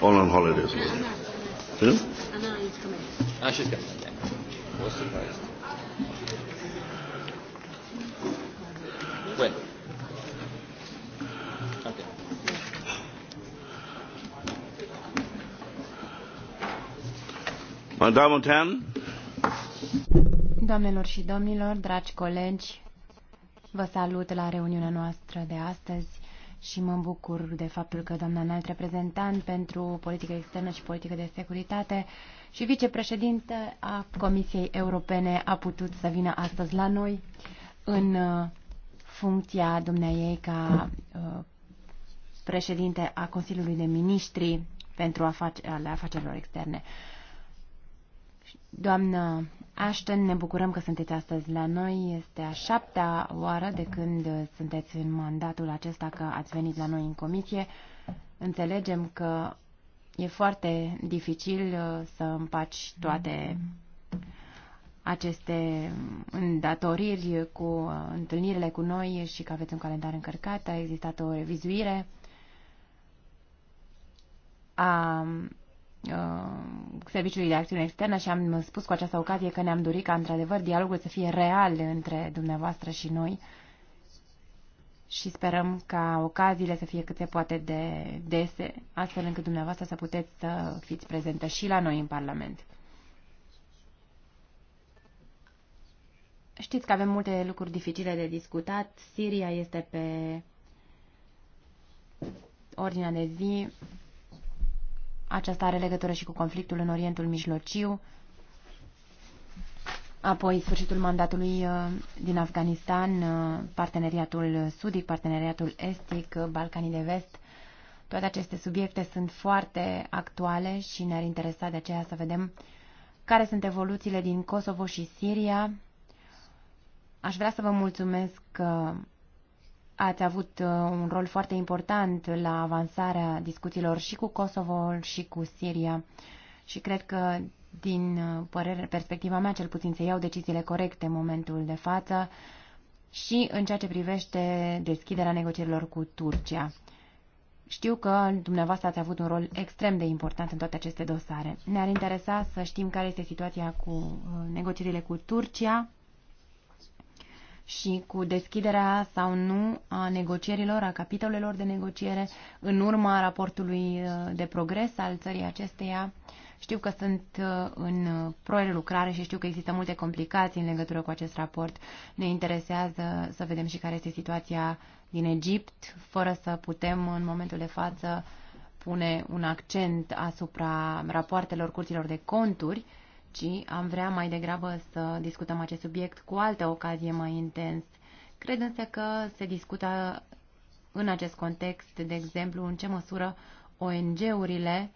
All on holidays. Anna, Anna, hmm? Anna is coming. Ah, she's coming. Yeah. Was surprised. When? Okay. Doamnelor și domnilor, dragi colegi, vă salut la reuniunea noastră de astăzi și mă bucur de faptul că doamna înalt reprezentant pentru politică externă și politică de securitate și vicepreședinte a Comisiei Europene a putut să vină astăzi la noi în uh, funcția dumneaei ca uh, președinte a Consiliului de Ministri pentru afaceri, ale afacerilor externe. Doamnă Ashton, ne bucurăm că sunteți astăzi la noi. Este a șaptea oară de când sunteți în mandatul acesta că ați venit la noi în comisie. Înțelegem că e foarte dificil uh, să împaci toate aceste îndatoriri cu uh, întâlnirile cu noi și că aveți un calendar încărcat. A existat o revizuire a Uh, Serviciului de Acțiune Externă și am spus cu această ocazie că ne-am dorit ca, într-adevăr, dialogul să fie real între dumneavoastră și noi și sperăm ca ocaziile să fie cât se poate de dese, astfel încât dumneavoastră să puteți să fiți prezentă și la noi în Parlament. Știți că avem multe lucruri dificile de discutat. Siria este pe ordinea de zi. Aceasta are legătură și cu conflictul în Orientul Mijlociu, apoi sfârșitul mandatului uh, din Afganistan, uh, parteneriatul sudic, parteneriatul estic, uh, Balcanii de vest. Toate aceste subiecte sunt foarte actuale și ne-ar interesa de aceea să vedem care sunt evoluțiile din Kosovo și Siria. Aș vrea să vă mulțumesc că ați avut uh, un rol foarte important la avansarea discuțiilor și cu Kosovo și cu Siria și cred că din uh, părere, perspectiva mea cel puțin se iau deciziile corecte în momentul de față și în ceea ce privește deschiderea negocierilor cu Turcia. Știu că dumneavoastră ați avut un rol extrem de important în toate aceste dosare. Ne-ar interesa să știm care este situația cu uh, negocierile cu Turcia, și cu deschiderea sau nu a negocierilor, a capitolelor de negociere în urma raportului uh, de progres al țării acesteia. Știu că sunt uh, în prelucrare și știu că există multe complicații în legătură cu acest raport. Ne interesează să vedem și care este situația din Egipt, fără să putem în momentul de față pune un accent asupra rapoartelor curților de conturi, ci am vrea mai degrabă să discutăm acest subiect cu altă ocazie mai intens. Cred însă că se discută în acest context, de exemplu, în ce măsură ONG-urile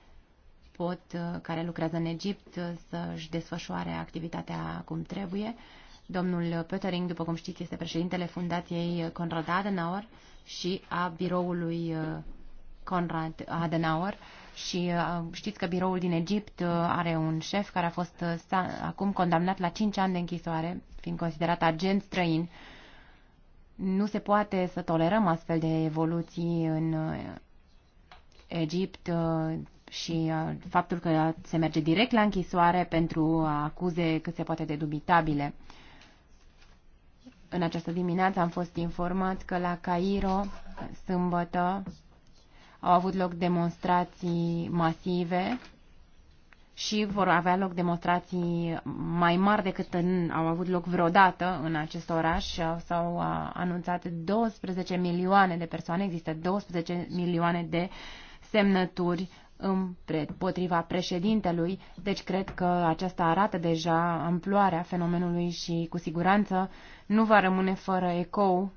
pot, care lucrează în Egipt, să-și desfășoare activitatea cum trebuie. Domnul Pöttering, după cum știți, este președintele Fundației Conrad Adenauer și a biroului uh, Conrad Adenauer și uh, știți că biroul din Egipt uh, are un șef care a fost uh, acum condamnat la 5 ani de închisoare, fiind considerat agent străin. Nu se poate să tolerăm astfel de evoluții în Egipt și faptul că se merge direct la închisoare pentru acuze cât se poate de dubitabile. În această dimineață am fost informat că la Cairo, sâmbătă, au avut loc demonstrații masive și vor avea loc demonstrații mai mari decât în, au avut loc vreodată în acest oraș. S-au uh, anunțat 12 milioane de persoane, există 12 milioane de semnături împotriva președintelui, deci cred că aceasta arată deja amploarea fenomenului și cu siguranță nu va rămâne fără ecou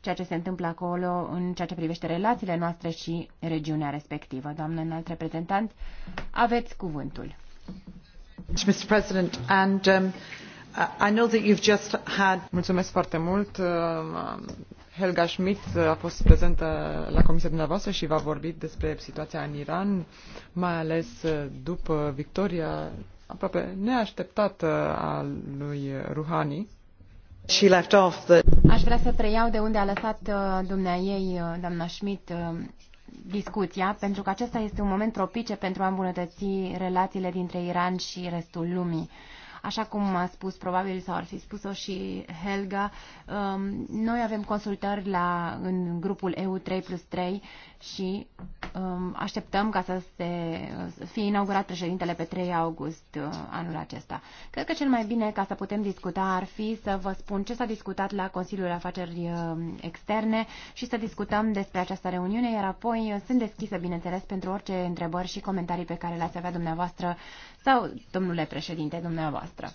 ceea ce se întâmplă acolo în ceea ce privește relațiile noastre și regiunea respectivă. Doamnă înalt reprezentant, aveți cuvântul. Mr. President, and, um, I know that you've just had... Mulțumesc foarte mult. Helga Schmidt a fost prezentă la comisia dumneavoastră și va vorbi despre situația în Iran, mai ales uh, după victoria aproape neașteptată a lui Rouhani Aș vrea să preiau de unde a lăsat uh, dumnea ei, uh, doamna Schmidt, uh, discuția, pentru că acesta este un moment propice pentru a îmbunătăți relațiile dintre Iran și restul lumii. Așa cum a spus probabil sau ar fi spus-o și Helga, um, noi avem consultări la, în grupul EU 3 plus 3 și um, așteptăm ca să se să fie inaugurat președintele pe 3 august uh, anul acesta. Cred că cel mai bine ca să putem discuta ar fi să vă spun ce s-a discutat la Consiliul Afaceri uh, Externe și să discutăm despre această reuniune, iar apoi uh, sunt deschisă, bineînțeles, pentru orice întrebări și comentarii pe care le-ați avea dumneavoastră sau, domnule președinte, dumneavoastră.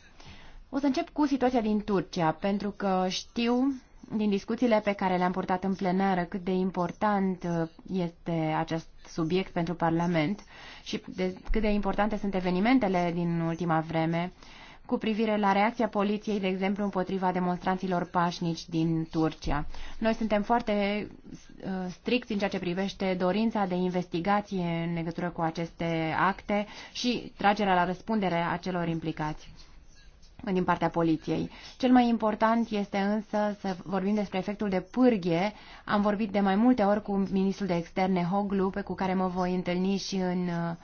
O să încep cu situația din Turcia, pentru că știu din discuțiile pe care le-am purtat în plenară cât de important uh, este acest subiect pentru Parlament și de, cât de importante sunt evenimentele din ultima vreme cu privire la reacția poliției, de exemplu, împotriva demonstranților pașnici din Turcia. Noi suntem foarte uh, stricți în ceea ce privește dorința de investigație în legătură cu aceste acte și tragerea la răspundere a celor implicați din partea poliției. Cel mai important este însă să vorbim despre efectul de pârghie. Am vorbit de mai multe ori cu ministrul de externe Hoglu, pe cu care mă voi întâlni și în uh,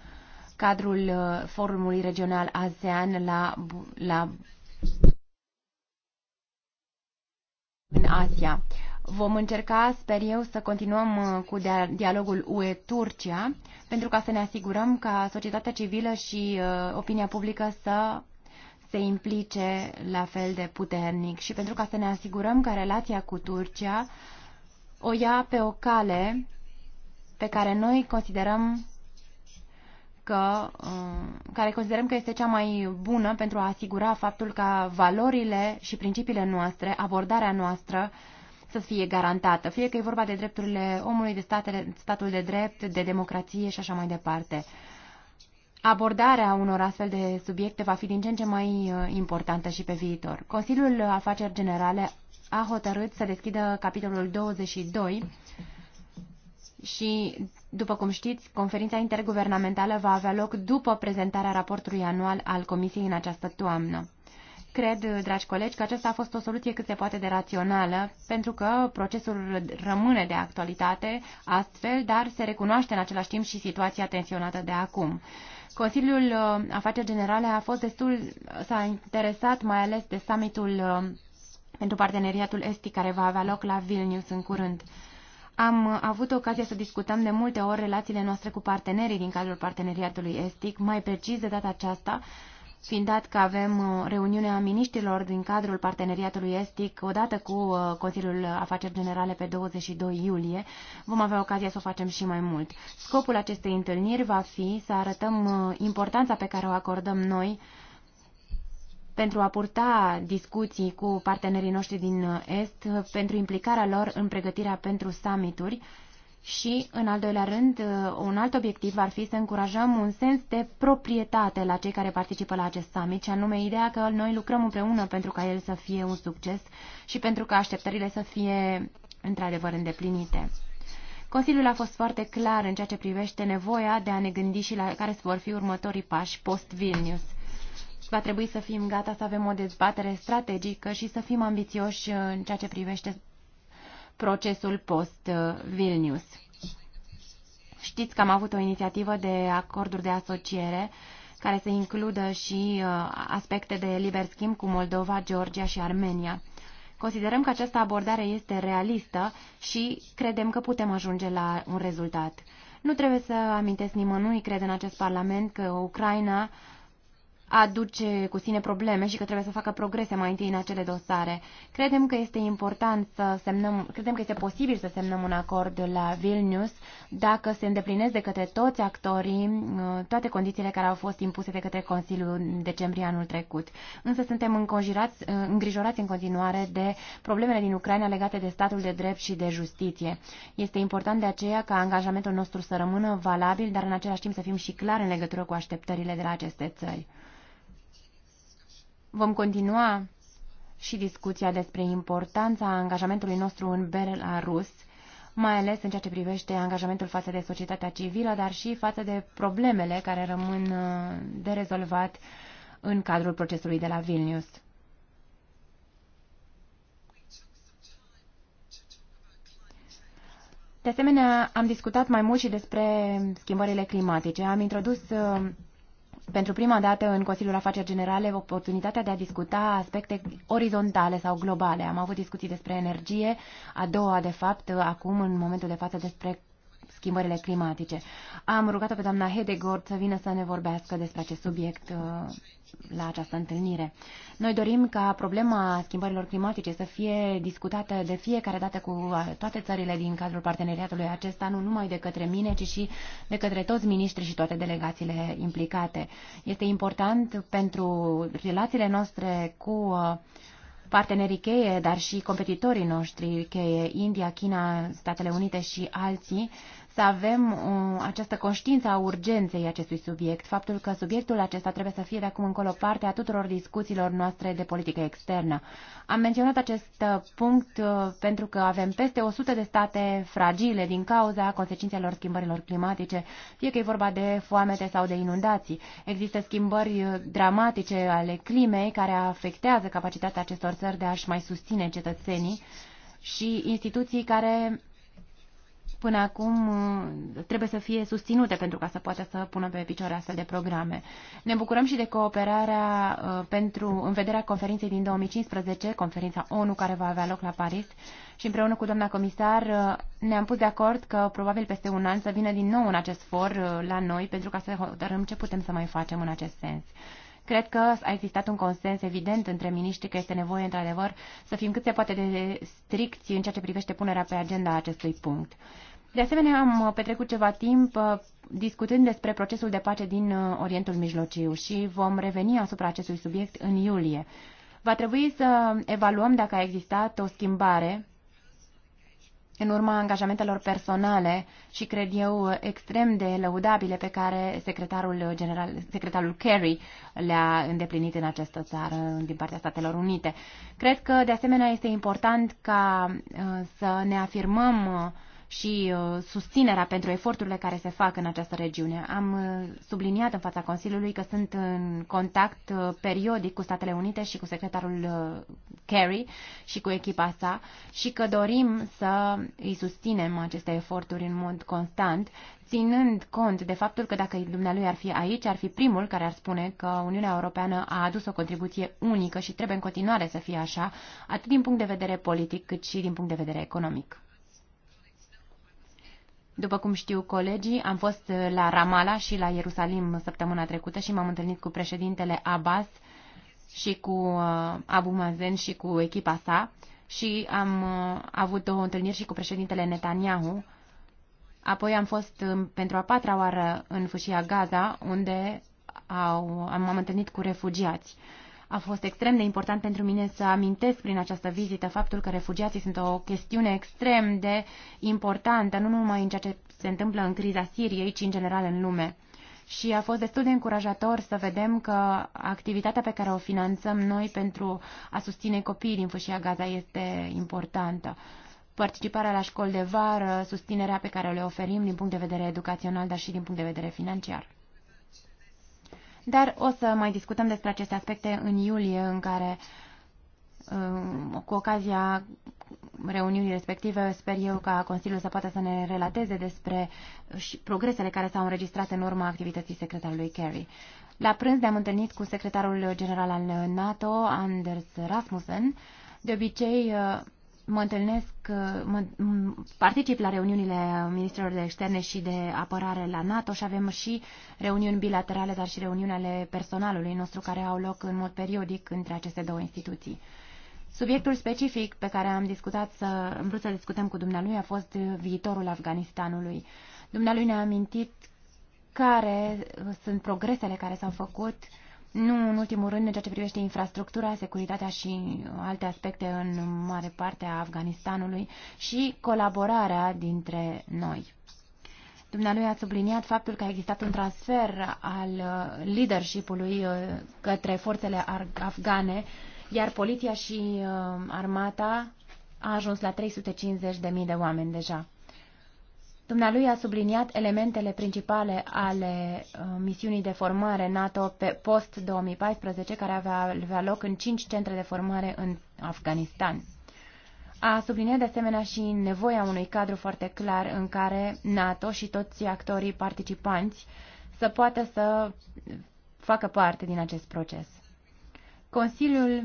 cadrul uh, forumului regional ASEAN la, la în Asia. Vom încerca, sper eu, să continuăm uh, cu dialogul UE-Turcia pentru ca să ne asigurăm ca societatea civilă și opinia publică să se implice la fel de puternic și pentru ca să ne asigurăm că relația cu Turcia o ia pe o cale pe care noi considerăm că, um, care considerăm că este cea mai bună pentru a asigura faptul că valorile și principiile noastre, abordarea noastră, să fie garantată, fie că e vorba de drepturile omului, de statele, statul de drept, de democrație și așa mai departe abordarea unor astfel de subiecte va fi din ce în ce mai uh, importantă și pe viitor. Consiliul Afaceri Generale a hotărât să deschidă capitolul 22 și, după cum știți, conferința interguvernamentală va avea loc după prezentarea raportului anual al Comisiei în această toamnă. Cred, dragi colegi, că aceasta a fost o soluție cât se poate de rațională, pentru că procesul rămâne de actualitate astfel, dar se recunoaște în același timp și situația tensionată de acum. Consiliul uh, Afaceri Generale a fost destul, s-a interesat mai ales de summitul uh, pentru parteneriatul estic care va avea loc la Vilnius în curând. Am uh, avut ocazia să discutăm de multe ori relațiile noastre cu partenerii din cadrul parteneriatului estic, mai precis de data aceasta fiind dat că avem uh, reuniunea miniștilor din cadrul parteneriatului estic odată cu uh, Consiliul Afaceri Generale pe 22 iulie, vom avea ocazia să o facem și mai mult. Scopul acestei întâlniri va fi să arătăm uh, importanța pe care o acordăm noi pentru a purta discuții cu partenerii noștri din Est, pentru implicarea lor în pregătirea pentru summituri, și, în al doilea rând, uh, un alt obiectiv ar fi să încurajăm un sens de proprietate la cei care participă la acest summit, și anume ideea că noi lucrăm împreună pentru ca el să fie un succes și pentru ca așteptările să fie într-adevăr îndeplinite. Consiliul a fost foarte clar în ceea ce privește nevoia de a ne gândi și la care vor fi următorii pași post-Vilnius. Va trebui să fim gata să avem o dezbatere strategică și să fim ambițioși uh, în ceea ce privește procesul post-Vilnius. Știți că am avut o inițiativă de acorduri de asociere care să includă și uh, aspecte de liber schimb cu Moldova, Georgia și Armenia. Considerăm că această abordare este realistă și credem că putem ajunge la un rezultat. Nu trebuie să amintesc nimănui, cred, în acest Parlament că Ucraina aduce cu sine probleme și că trebuie să facă progrese mai întâi în acele dosare. Credem că este important să semnăm, credem că este posibil să semnăm un acord la Vilnius dacă se îndeplinesc de către toți actorii uh, toate condițiile care au fost impuse de către Consiliul în decembrie anul trecut. Însă suntem uh, îngrijorați în continuare de problemele din Ucraina legate de statul de drept și de justiție. Este important de aceea ca angajamentul nostru să rămână valabil, dar în același timp să fim și clar în legătură cu așteptările de la aceste țări. Vom continua și discuția despre importanța angajamentului nostru în Belarus, mai ales în ceea ce privește angajamentul față de societatea civilă, dar și față de problemele care rămân uh, de rezolvat în cadrul procesului de la Vilnius. De asemenea, am discutat mai mult și despre schimbările climatice. Am introdus uh, pentru prima dată în Consiliul Afaceri Generale oportunitatea de a discuta aspecte orizontale sau globale. Am avut discuții despre energie, a doua, de fapt, acum, în momentul de față, despre schimbările climatice. Am rugat-o pe doamna Hedegord să vină să ne vorbească despre acest subiect uh, la această întâlnire. Noi dorim ca problema schimbărilor climatice să fie discutată de fiecare dată cu uh, toate țările din cadrul parteneriatului acesta, nu numai de către mine, ci și de către toți miniștrii și toate delegațiile implicate. Este important pentru relațiile noastre cu uh, partenerii cheie, dar și competitorii noștri cheie, India, China, Statele Unite și alții, să avem um, această conștiință a urgenței acestui subiect, faptul că subiectul acesta trebuie să fie de acum încolo parte a tuturor discuțiilor noastre de politică externă. Am menționat acest uh, punct uh, pentru că avem peste 100 de state fragile din cauza consecințelor schimbărilor climatice, fie că e vorba de foamete sau de inundații. Există schimbări uh, dramatice ale climei care afectează capacitatea acestor țări de a-și mai susține cetățenii și instituții care până acum uh, trebuie să fie susținute pentru ca să poată să pună pe picioare astfel de programe. Ne bucurăm și de cooperarea uh, pentru, în vederea conferinței din 2015, conferința ONU care va avea loc la Paris și împreună cu doamna comisar uh, ne-am pus de acord că probabil peste un an să vină din nou în acest for la noi pentru ca să hotărâm ce putem să mai facem în acest sens. Cred că a existat un consens evident între miniștri că este nevoie, într-adevăr, să fim cât se poate de stricți în ceea ce privește punerea pe agenda acestui punct. De asemenea, am uh, petrecut ceva timp uh, discutând despre procesul de pace din uh, Orientul Mijlociu și vom reveni asupra acestui subiect în iulie. Va trebui să evaluăm dacă a existat o schimbare în urma angajamentelor personale și, cred eu, extrem de lăudabile pe care secretarul, general, secretarul Kerry le-a îndeplinit în această țară din partea Statelor Unite. Cred că, de asemenea, este important ca să ne afirmăm uh, și uh, susținerea pentru eforturile care se fac în această regiune. Am uh, subliniat în fața Consiliului că sunt în contact uh, periodic cu Statele Unite și cu secretarul Kerry și cu echipa sa și că dorim să îi susținem aceste eforturi în mod constant, ținând cont de faptul că dacă dumnealui ar fi aici, ar fi primul care ar spune că Uniunea Europeană a adus o contribuție unică și trebuie în continuare să fie așa, atât din punct de vedere politic cât și din punct de vedere economic. După cum știu colegii, am fost la Ramala și la Ierusalim săptămâna trecută și m-am întâlnit cu președintele Abbas și cu uh, Abu Mazen și cu echipa sa și am uh, avut o întâlnire și cu președintele Netanyahu. Apoi am fost um, pentru a patra oară în fâșia Gaza, unde au, am, am întâlnit cu refugiați. A fost extrem de important pentru mine să amintesc prin această vizită faptul că refugiații sunt o chestiune extrem de importantă, nu numai în ceea ce se întâmplă în criza Siriei, ci în general în lume. Și a fost destul de încurajator să vedem că activitatea pe care o finanțăm noi pentru a susține copiii din fâșia Gaza este importantă participarea la școli de vară, susținerea pe care le oferim din punct de vedere educațional, dar și din punct de vedere financiar. Dar o să mai discutăm despre aceste aspecte în iulie, în care, uh, cu ocazia reuniunii respective, sper eu ca Consiliul să poată să ne relateze despre uh, progresele care s-au înregistrat în urma activității secretarului Kerry. La prânz ne-am întâlnit cu secretarul general al NATO, Anders Rasmussen. De obicei, uh, mă întâlnesc, uh, mă, particip la reuniunile ministrilor de externe și de apărare la NATO și avem și reuniuni bilaterale, dar și reuniuni ale personalului nostru care au loc în mod periodic între aceste două instituții. Subiectul specific pe care am discutat să, am vrut să discutăm cu dumnealui a fost viitorul Afganistanului. Dumnealui ne-a amintit care sunt progresele care s-au făcut uh, nu în ultimul rând în ceea ce privește infrastructura, securitatea și alte aspecte în mare parte a Afganistanului și colaborarea dintre noi. Dumnealui a subliniat faptul că a existat un transfer al leadership-ului uh, către forțele afgane, iar poliția și uh, armata a ajuns la 350.000 de oameni deja. Dumnealui a subliniat elementele principale ale uh, misiunii de formare NATO pe post-2014, care avea, avea loc în cinci centre de formare în Afganistan. A subliniat de asemenea și nevoia unui cadru foarte clar în care NATO și toți actorii participanți să poată să facă parte din acest proces. Consiliul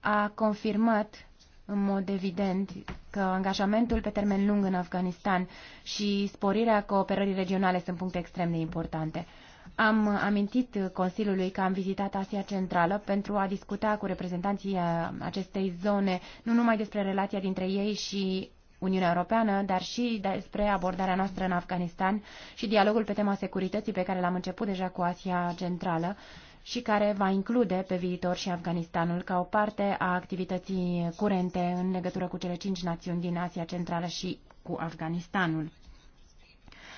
a confirmat în mod evident că angajamentul pe termen lung în Afganistan și sporirea cooperării regionale sunt puncte extrem de importante. Am amintit Consiliului că am vizitat Asia Centrală pentru a discuta cu reprezentanții acestei zone nu numai despre relația dintre ei și Uniunea Europeană, dar și despre abordarea noastră în Afganistan și dialogul pe tema securității pe care l-am început deja cu Asia Centrală și care va include pe viitor și Afganistanul ca o parte a activității curente în legătură cu cele cinci națiuni din Asia Centrală și cu Afganistanul.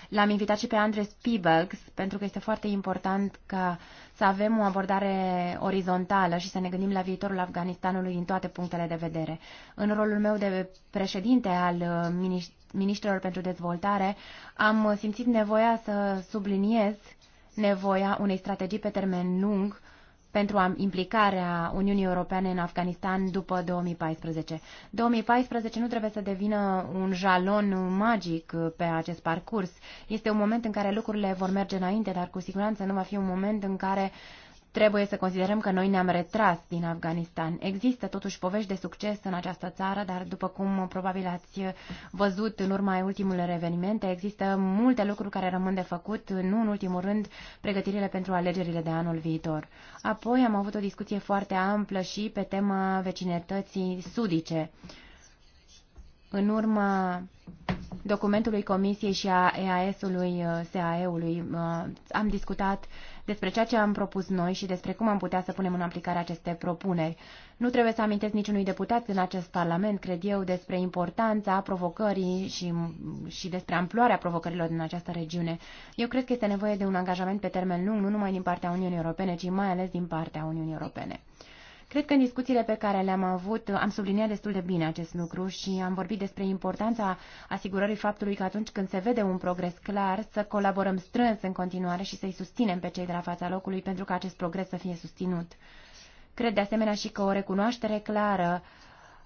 L-am invitat și pe Andres Peebles, pentru că este foarte important ca să avem o abordare orizontală și să ne gândim la viitorul Afganistanului din toate punctele de vedere. În rolul meu de președinte al uh, Ministrelor pentru dezvoltare, am uh, simțit nevoia să subliniez nevoia unei strategii pe termen lung pentru implicarea Uniunii Europene în Afganistan după 2014. 2014 nu trebuie să devină un jalon magic pe acest parcurs. Este un moment în care lucrurile vor merge înainte, dar cu siguranță nu va fi un moment în care uh, trebuie să considerăm că noi ne-am retras din Afganistan. Există totuși povești de succes în această țară, dar după cum probabil ați văzut în urma ultimului evenimente, există multe lucruri care rămân de făcut, nu în ultimul rând pregătirile pentru alegerile de anul viitor. Apoi am avut o discuție foarte amplă și pe tema vecinătății sudice. În urma documentului Comisiei și a EAS-ului, SAE-ului, am discutat despre ceea ce am propus noi și despre cum am putea să punem în aplicare aceste propuneri. Nu trebuie să amintesc niciunui deputat în acest Parlament, cred eu, despre importanța provocării și, și despre amploarea provocărilor din această regiune. Eu cred că este nevoie de un angajament pe termen lung, nu numai din partea Uniunii Europene, ci mai ales din partea Uniunii Europene. Cred că în discuțiile pe care le-am avut am subliniat destul de bine acest lucru și am vorbit despre importanța asigurării faptului că atunci când se vede un progres clar să colaborăm strâns în continuare și să-i susținem pe cei de la fața locului pentru ca acest progres să fie susținut. Cred de asemenea și că o recunoaștere clară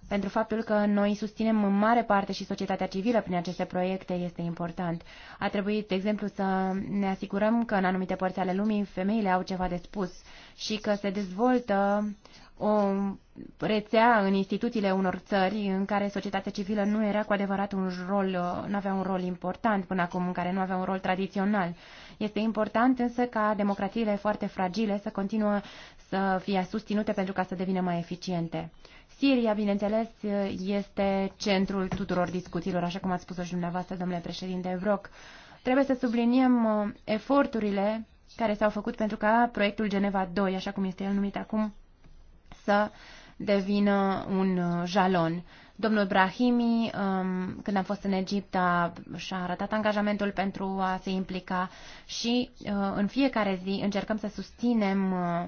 pentru faptul că noi susținem în mare parte și societatea civilă prin aceste proiecte este important. A trebuit, de exemplu, să ne asigurăm că în anumite părți ale lumii femeile au ceva de spus și că se dezvoltă o rețea în instituțiile unor țări în care societatea civilă nu era cu adevărat un rol, nu avea un rol important până acum, în care nu avea un rol tradițional. Este important însă ca democrațiile foarte fragile să continuă să fie susținute pentru ca să devină mai eficiente. Siria, bineînțeles, este centrul tuturor discuțiilor, așa cum ați spus-o și dumneavoastră, domnule președinte Evroc. Trebuie să subliniem uh, eforturile care s-au făcut pentru ca proiectul Geneva 2, așa cum este el numit acum, să devină un uh, jalon. Domnul Brahimi, um, când a fost în Egipt, a, și-a arătat angajamentul pentru a se implica și uh, în fiecare zi încercăm să susținem uh,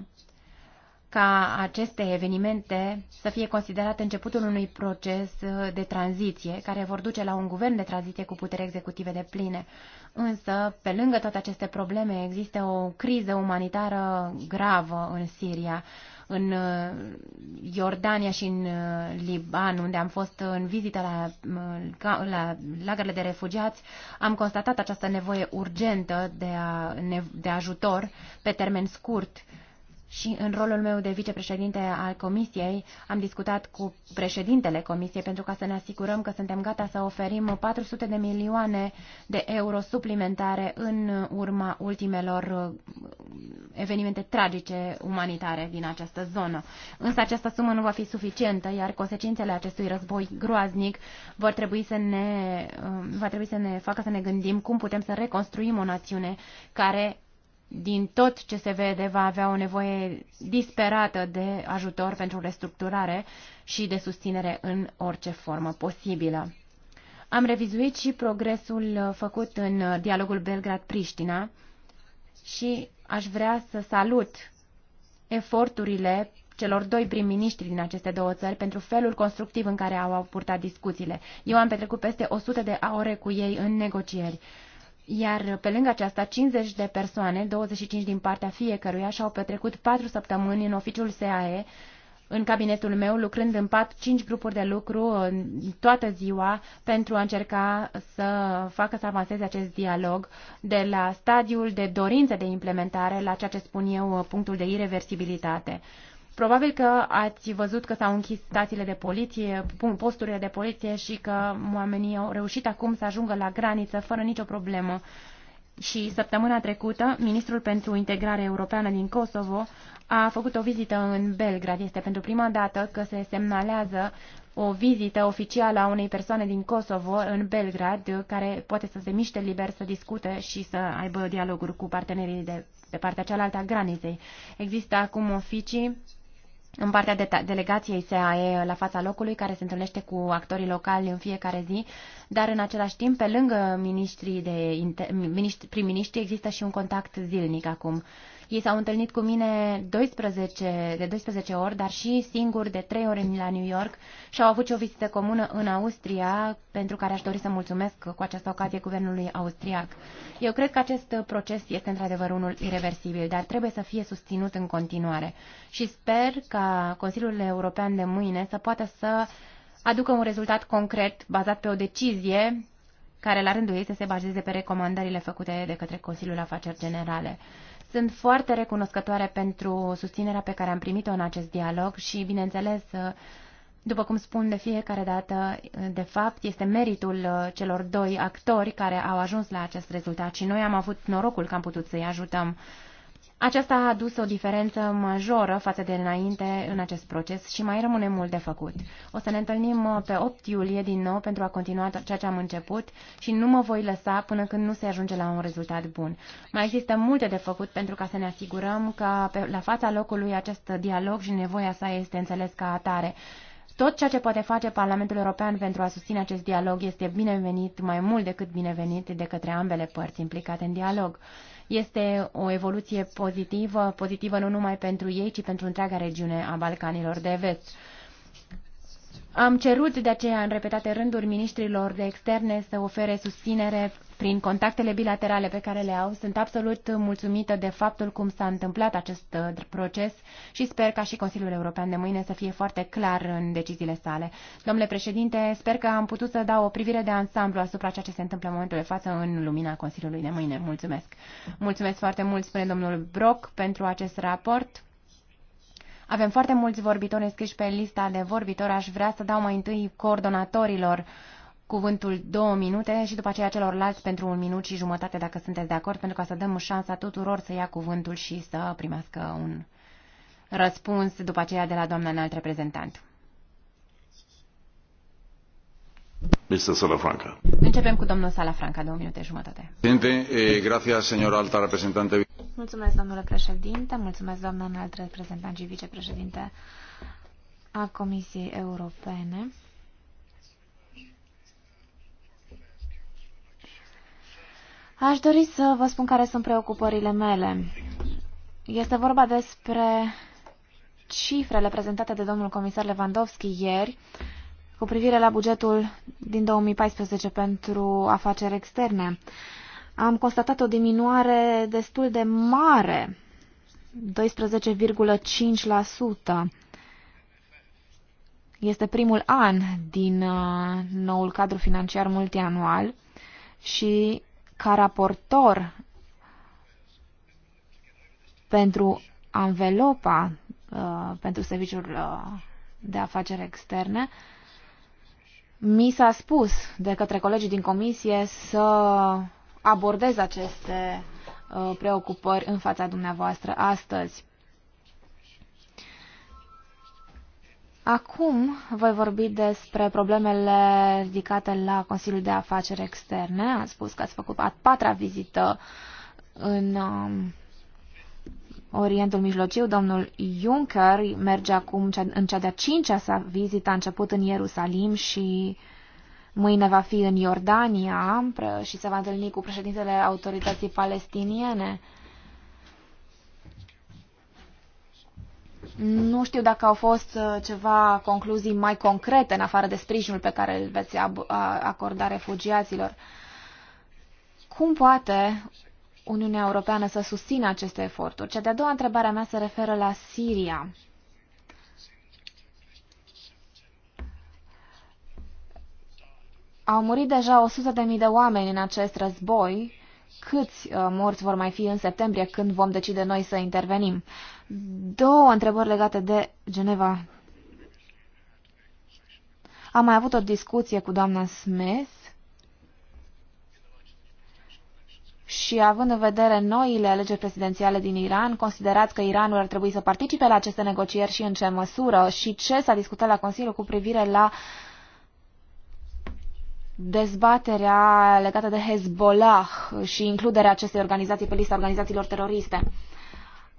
ca aceste evenimente să fie considerate începutul unui proces de tranziție care vor duce la un guvern de tranziție cu putere executive de pline. Însă, pe lângă toate aceste probleme, există o criză umanitară gravă în Siria în uh, Iordania și în uh, Liban, unde am fost în vizită la, uh, la lagările de refugiați, am constatat această nevoie urgentă de, a, de ajutor pe termen scurt și în rolul meu de vicepreședinte al Comisiei am discutat cu președintele Comisiei pentru ca să ne asigurăm că suntem gata să oferim 400 de milioane de euro suplimentare în urma ultimelor uh, evenimente tragice umanitare din această zonă. Însă această sumă nu va fi suficientă, iar consecințele acestui război groaznic vor trebui să ne, uh, va trebui să ne facă să ne gândim cum putem să reconstruim o națiune care din tot ce se vede, va avea o nevoie disperată de ajutor pentru restructurare și de susținere în orice formă posibilă. Am revizuit și progresul făcut în dialogul Belgrad-Priștina și aș vrea să salut eforturile celor doi prim-ministri din aceste două țări pentru felul constructiv în care au purtat discuțiile. Eu am petrecut peste 100 de ore cu ei în negocieri iar pe lângă aceasta, 50 de persoane, 25 din partea fiecăruia, și-au petrecut 4 săptămâni în oficiul SAE, în cabinetul meu, lucrând în 4-5 grupuri de lucru toată ziua pentru a încerca să facă să avanseze acest dialog de la stadiul de dorință de implementare la ceea ce spun eu punctul de irreversibilitate. Probabil că ați văzut că s-au închis stațiile de poliție, posturile de poliție și că oamenii au reușit acum să ajungă la graniță fără nicio problemă. Și săptămâna trecută, ministrul pentru integrare europeană din Kosovo a făcut o vizită în Belgrad. Este pentru prima dată că se semnalează o vizită oficială a unei persoane din Kosovo în Belgrad, care poate să se miște liber, să discute și să aibă dialoguri cu partenerii de, de partea cealaltă a graniței. Există acum oficii în partea de delegației SAE la fața locului, care se întâlnește cu actorii locali în fiecare zi, dar în același timp, pe lângă ministrii de prim-ministri, există și un contact zilnic acum ei s-au întâlnit cu mine 12, de 12 ori, dar și singuri de 3 ori la New York și au avut și o vizită comună în Austria, pentru care aș dori să mulțumesc cu această ocazie guvernului austriac. Eu cred că acest proces este într-adevăr unul irreversibil, dar trebuie să fie susținut în continuare și sper ca Consiliul European de mâine să poată să aducă un rezultat concret bazat pe o decizie care la rândul ei să se bazeze pe recomandările făcute de către Consiliul Afaceri Generale. Sunt foarte recunoscătoare pentru susținerea pe care am primit-o în acest dialog și, bineînțeles, după cum spun de fiecare dată, de fapt, este meritul celor doi actori care au ajuns la acest rezultat și noi am avut norocul că am putut să-i ajutăm. Aceasta a adus o diferență majoră față de înainte în acest proces și mai rămâne mult de făcut. O să ne întâlnim uh, pe 8 iulie din nou pentru a continua ceea ce am început și nu mă voi lăsa până când nu se ajunge la un rezultat bun. Mai există multe de făcut pentru ca să ne asigurăm că pe, la fața locului acest dialog și nevoia sa este înțeles ca atare. Tot ceea ce poate face Parlamentul European pentru a susține acest dialog este binevenit, mai mult decât binevenit de către ambele părți implicate în dialog. Este o evoluție pozitivă, pozitivă nu numai pentru ei, ci pentru întreaga regiune a Balcanilor de Vest. Am cerut de aceea în repetate rânduri ministrilor de externe să ofere susținere prin contactele bilaterale pe care le au. Sunt absolut mulțumită de faptul cum s-a întâmplat acest uh, proces și sper ca și Consiliul European de mâine să fie foarte clar în deciziile sale. Domnule președinte, sper că am putut să dau o privire de ansamblu asupra ceea ce se întâmplă în momentul de față în lumina Consiliului de mâine. Mulțumesc! Mulțumesc foarte mult, spune domnul Brock, pentru acest raport avem foarte mulți vorbitori înscriși pe lista de vorbitori. Aș vrea să dau mai întâi coordonatorilor cuvântul două minute și după aceea celorlalți pentru un minut și jumătate, dacă sunteți de acord, pentru ca să dăm șansa tuturor să ia cuvântul și să primească un răspuns după aceea de la doamna înalt reprezentant. Mr. Salafranca. Începem cu domnul Salafranca, două minute jumătate. Gracias, señor Mulțumesc, domnule președinte, mulțumesc, doamna înalt reprezentant și vicepreședinte a Comisiei Europene. Aș dori să vă spun care sunt preocupările mele. Este vorba despre cifrele prezentate de domnul comisar Lewandowski ieri, cu privire la bugetul din 2014 pentru afaceri externe. Am constatat o diminuare destul de mare, 12,5%. Este primul an din uh, noul cadru financiar multianual și ca raportor pentru anvelopa, uh, pentru serviciul uh, de afaceri externe, mi s-a spus de către colegii din comisie să abordez aceste uh, preocupări în fața dumneavoastră astăzi. Acum voi vorbi despre problemele ridicate la Consiliul de Afaceri Externe. Ați spus că ați făcut a patra vizită în um, Orientul Mijlociu, domnul Juncker merge acum în cea de-a cincea sa vizită, a început în Ierusalim și mâine va fi în Iordania și se va întâlni cu președintele autorității palestiniene. Nu știu dacă au fost uh, ceva concluzii mai concrete în afară de sprijinul pe care îl veți acorda refugiaților. Cum poate Uniunea Europeană să susțină aceste eforturi. Cea de-a doua întrebare a mea se referă la Siria. Au murit deja 100.000 de oameni în acest război. Câți uh, morți vor mai fi în septembrie când vom decide noi să intervenim? Două întrebări legate de Geneva. Am mai avut o discuție cu doamna Smith și având în vedere noile alegeri prezidențiale din Iran, considerați că Iranul ar trebui să participe la aceste negocieri și în ce măsură și ce s-a discutat la Consiliu cu privire la dezbaterea legată de Hezbollah și includerea acestei organizații pe lista organizațiilor teroriste.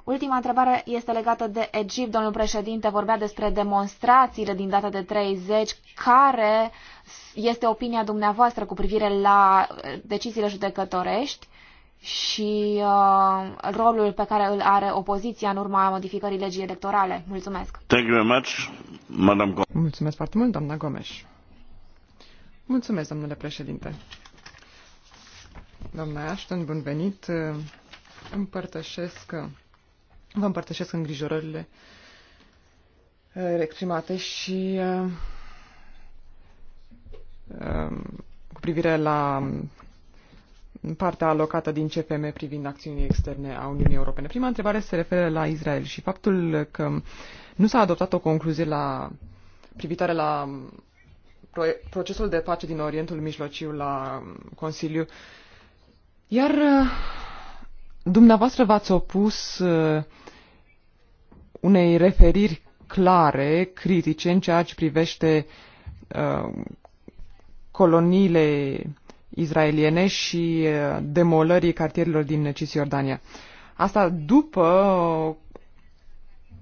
Ultima întrebare este legată de Egipt. Domnul președinte vorbea despre demonstrațiile din data de 30. Care este opinia dumneavoastră cu privire la eh, deciziile judecătorești și uh, rolul pe care îl are opoziția în urma modificării legii electorale? Mulțumesc. Thank you very much, Madam Mulțumesc foarte mult, doamna Gomes. Mulțumesc, domnule președinte. Doamna Ashton, bun venit. Împărtășesc Vă împărtășesc îngrijorările uh, exprimate și uh, um, cu privire la um, partea alocată din CFM privind acțiunile externe a Uniunii Europene. Prima întrebare se referă la Israel și faptul că nu s-a adoptat o concluzie la privitoare la um, procesul de pace din Orientul Mijlociu la Consiliu. Iar uh, dumneavoastră v-ați opus unei referiri clare, critice, în ceea ce privește uh, coloniile izraeliene și uh, demolării cartierilor din Cisjordania. Asta după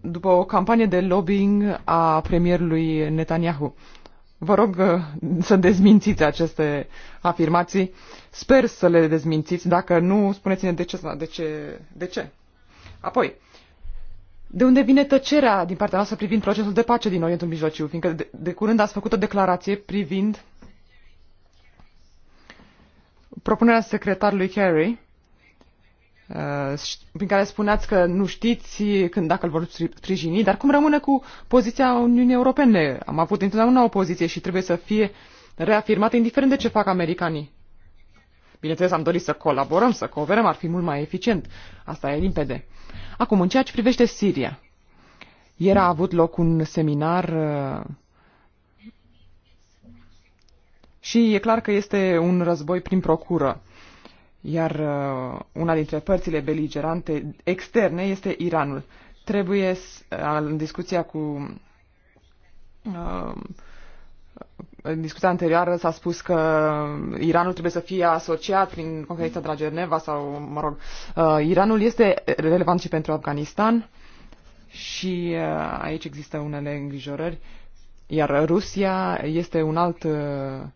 după o campanie de lobbying a premierului Netanyahu. Vă rog uh, să dezmințiți aceste afirmații. Sper să le dezmințiți. Dacă nu, spuneți-ne de ce. De ce, de ce. Apoi, de unde vine tăcerea din partea noastră privind procesul de pace din Orientul Mijlociu? Fiindcă de, de curând ați făcut o declarație privind propunerea secretarului Kerry, uh, prin care spuneați că nu știți când dacă îl vor sprijini, dar cum rămâne cu poziția Uniunii Europene? Am avut întotdeauna o poziție și trebuie să fie reafirmată indiferent de ce fac americanii. Bineînțeles, am dorit să colaborăm, să cooperăm, ar fi mult mai eficient. Asta e limpede. Acum, în ceea ce privește Siria, ieri a avut loc un seminar uh, și e clar că este un război prin procură. Iar uh, una dintre părțile beligerante externe este Iranul. Trebuie, uh, în discuția cu în discuția anterioară s-a spus că Iranul trebuie să fie asociat prin conferința de la Geneva sau, mă rog, uh, Iranul este relevant și pentru Afganistan și uh, aici există unele îngrijorări, iar Rusia este un alt uh, uh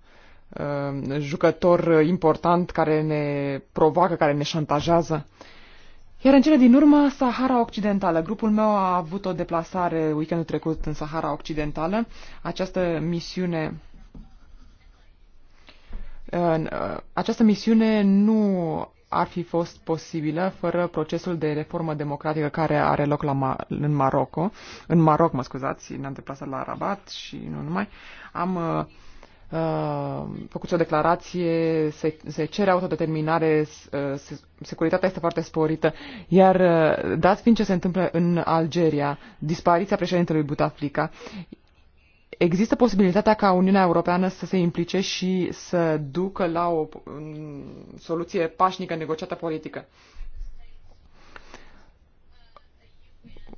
jucător important care ne provoacă, care ne șantajează. Iar în cele din urmă, Sahara Occidentală. Grupul meu a avut o deplasare weekendul trecut în Sahara Occidentală. Această misiune Uh, această misiune nu ar fi fost posibilă fără procesul de reformă democratică care are loc la Ma- în Maroc. În Maroc, mă scuzați, ne-am deplasat la Rabat și nu numai. Am uh, uh făcut o declarație, se, se cere autodeterminare, uh, se, securitatea este foarte sporită, iar dat fiind ce se întâmplă în Algeria, dispariția președintelui Butaflica, există posibilitatea ca Uniunea Europeană să se implice și să ducă la o soluție pașnică negociată politică.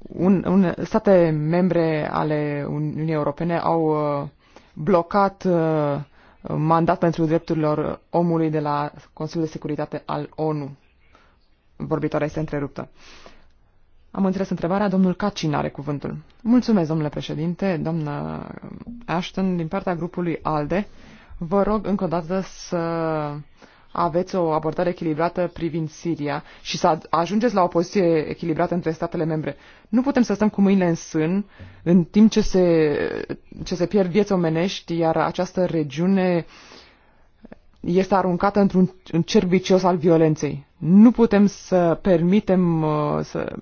Un, un, state membre ale Uniunii Europene au uh, blocat uh, mandat pentru drepturilor omului de la Consiliul de Securitate al ONU. Vorbitoarea este întreruptă. Uh, am înțeles întrebarea, domnul Cacin are cuvântul. Mulțumesc, domnule președinte, doamnă Ashton, din partea grupului ALDE. Vă rog încă o dată să aveți o abordare echilibrată privind Siria și să ajungeți la o poziție echilibrată între statele membre. Nu putem să stăm cu mâinile în sân în timp ce se, ce se pierd vieți omenești, iar această regiune este aruncată într-un cerc vicios al violenței. Nu putem să permitem uh, să,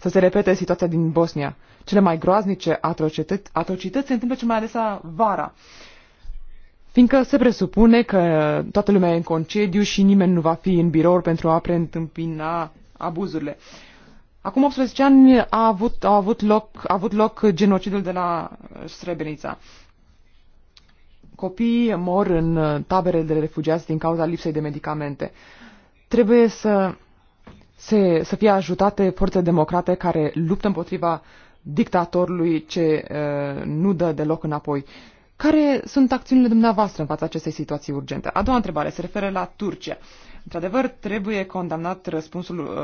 să se repete situația din Bosnia. Cele mai groaznice atrocități, atrocități se întâmplă cel mai adesea vara. Fiindcă se presupune că toată lumea e în concediu și nimeni nu va fi în birou pentru a preîntâmpina abuzurile. Acum 18 ani a avut, a avut, loc, a avut loc genocidul de la Srebrenica. Copiii mor în tabere de refugiați din cauza lipsei de medicamente. Uh, Trebuie să, se, să fie ajutate forțe democrate care luptă împotriva dictatorului ce uh, nu dă deloc înapoi. Care sunt acțiunile dumneavoastră în fața acestei situații urgente? A doua întrebare se referă la Turcia. Într-adevăr, trebuie condamnat răspunsul uh,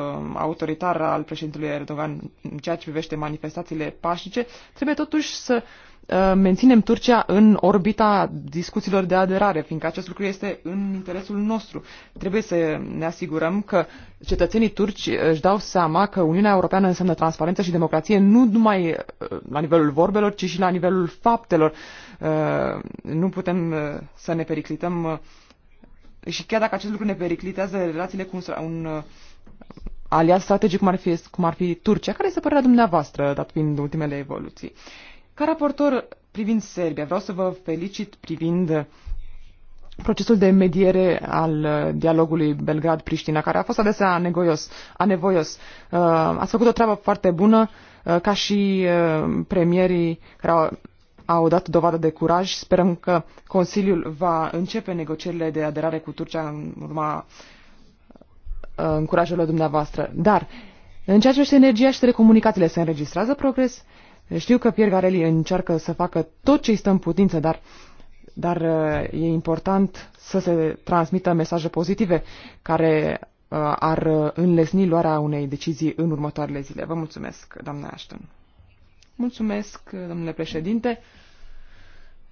autoritar al președintelui Erdogan în ceea ce privește manifestațiile pașnice. Trebuie totuși să uh, Uh, menținem Turcia în orbita discuțiilor de aderare, fiindcă acest lucru este în interesul nostru. Trebuie să ne asigurăm că cetățenii turci își dau seama că Uniunea Europeană înseamnă transparență și democrație nu numai uh, la nivelul vorbelor, ci și la nivelul faptelor. Uh, nu putem să ne periclităm și chiar dacă acest lucru ne periclitează relațiile cu un aliat strategic cum ar fi, cum ar fi Turcia, care este părerea dumneavoastră, dat fiind ultimele evoluții? Uh, ca raportor privind Serbia, vreau să vă felicit privind procesul de mediere al dialogului Belgrad-Priștina, care a fost adesea negoios, anevoios. Uh, ați făcut o treabă foarte bună, uh, ca și uh, premierii care au, au dat dovadă de curaj. Sperăm că Consiliul va începe negocierile de aderare cu Turcia în urma încurajelor dumneavoastră. Dar, în ceea ce este energia și telecomunicațiile, se înregistrează progres? Știu că Pierre Garelli încearcă să facă tot ce i stă în putință, dar, dar uh, e important să se transmită mesaje pozitive care uh, ar uh, înlesni luarea unei decizii în următoarele zile. Vă mulțumesc, doamna Ashton. Mulțumesc, domnule președinte.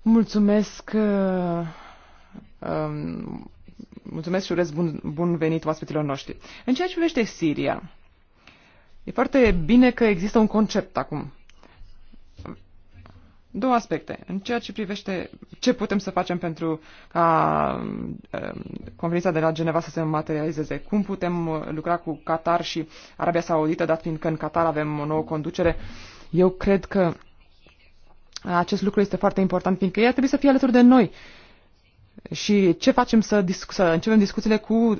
Mulțumesc. Um, mulțumesc și urez bun, bun venit oaspeților noștri. În ceea ce privește Siria, e foarte bine că există un concept acum Două aspecte. În ceea ce privește ce putem să facem pentru ca um, conferința de la Geneva să se materializeze, cum putem uh, lucra cu Qatar și Arabia Saudită, dat fiindcă în Qatar avem o nouă conducere, eu cred că acest lucru este foarte important, fiindcă ei ar trebui să fie alături de noi. Și ce facem să, discu- să începem discuțiile cu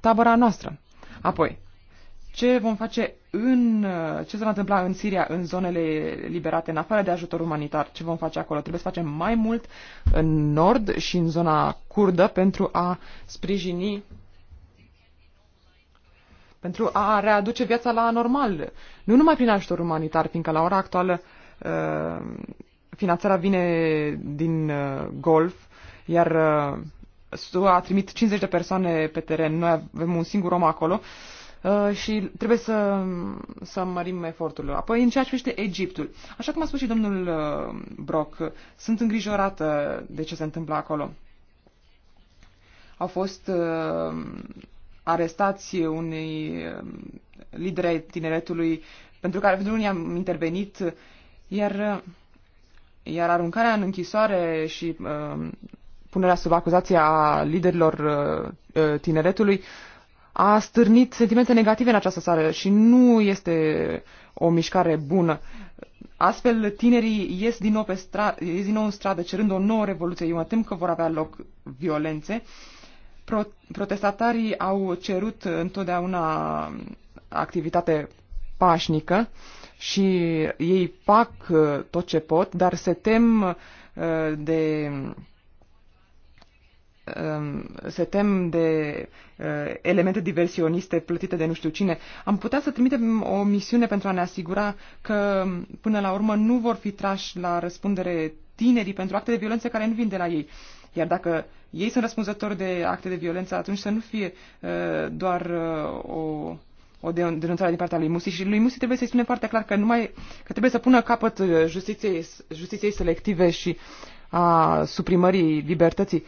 tabăra noastră. Apoi, ce vom face în, ce se va întâmpla în Siria, în zonele liberate, în afară de ajutor umanitar, ce vom face acolo. Trebuie să facem mai mult în nord și în zona curdă pentru a sprijini pentru a readuce viața la normal. Nu numai prin ajutor umanitar, fiindcă la ora actuală uh, finanțarea vine din uh, golf, iar uh, SUA a trimit 50 de persoane pe teren. Noi avem un singur om acolo. Uh, Uh, și trebuie să, să mărim eforturile. Apoi, în ceea ce privește Egiptul, așa cum a spus și domnul uh, Brock, sunt îngrijorată de ce se întâmplă acolo. Au fost uh, arestați unei uh, lideri tineretului pentru care pentru unii am intervenit, iar, iar aruncarea în închisoare și uh, punerea sub acuzație a liderilor uh, tineretului uh, a stârnit sentimente negative în această țară și nu este o mișcare bună. Astfel, tinerii ies din nou, pe stra- ies din nou în stradă cerând o nouă revoluție. Eu mă tem că vor avea loc violențe. Pro- protestatarii au cerut întotdeauna activitate pașnică și ei fac tot ce pot, dar se tem uh, de Um, se tem de uh, elemente diversioniste plătite de nu știu cine, am putea să trimitem o misiune pentru a ne asigura că um, până la urmă nu vor fi trași la răspundere tinerii pentru acte de violență care nu vin de la ei. Iar dacă ei sunt răspunzători de acte de violență, atunci să nu fie uh, doar uh, o, o denunțare din partea lui Musi. Și lui Musi trebuie să-i spune foarte clar că, numai, că trebuie să pună capăt uh, justiției, justiției selective și a suprimării libertății.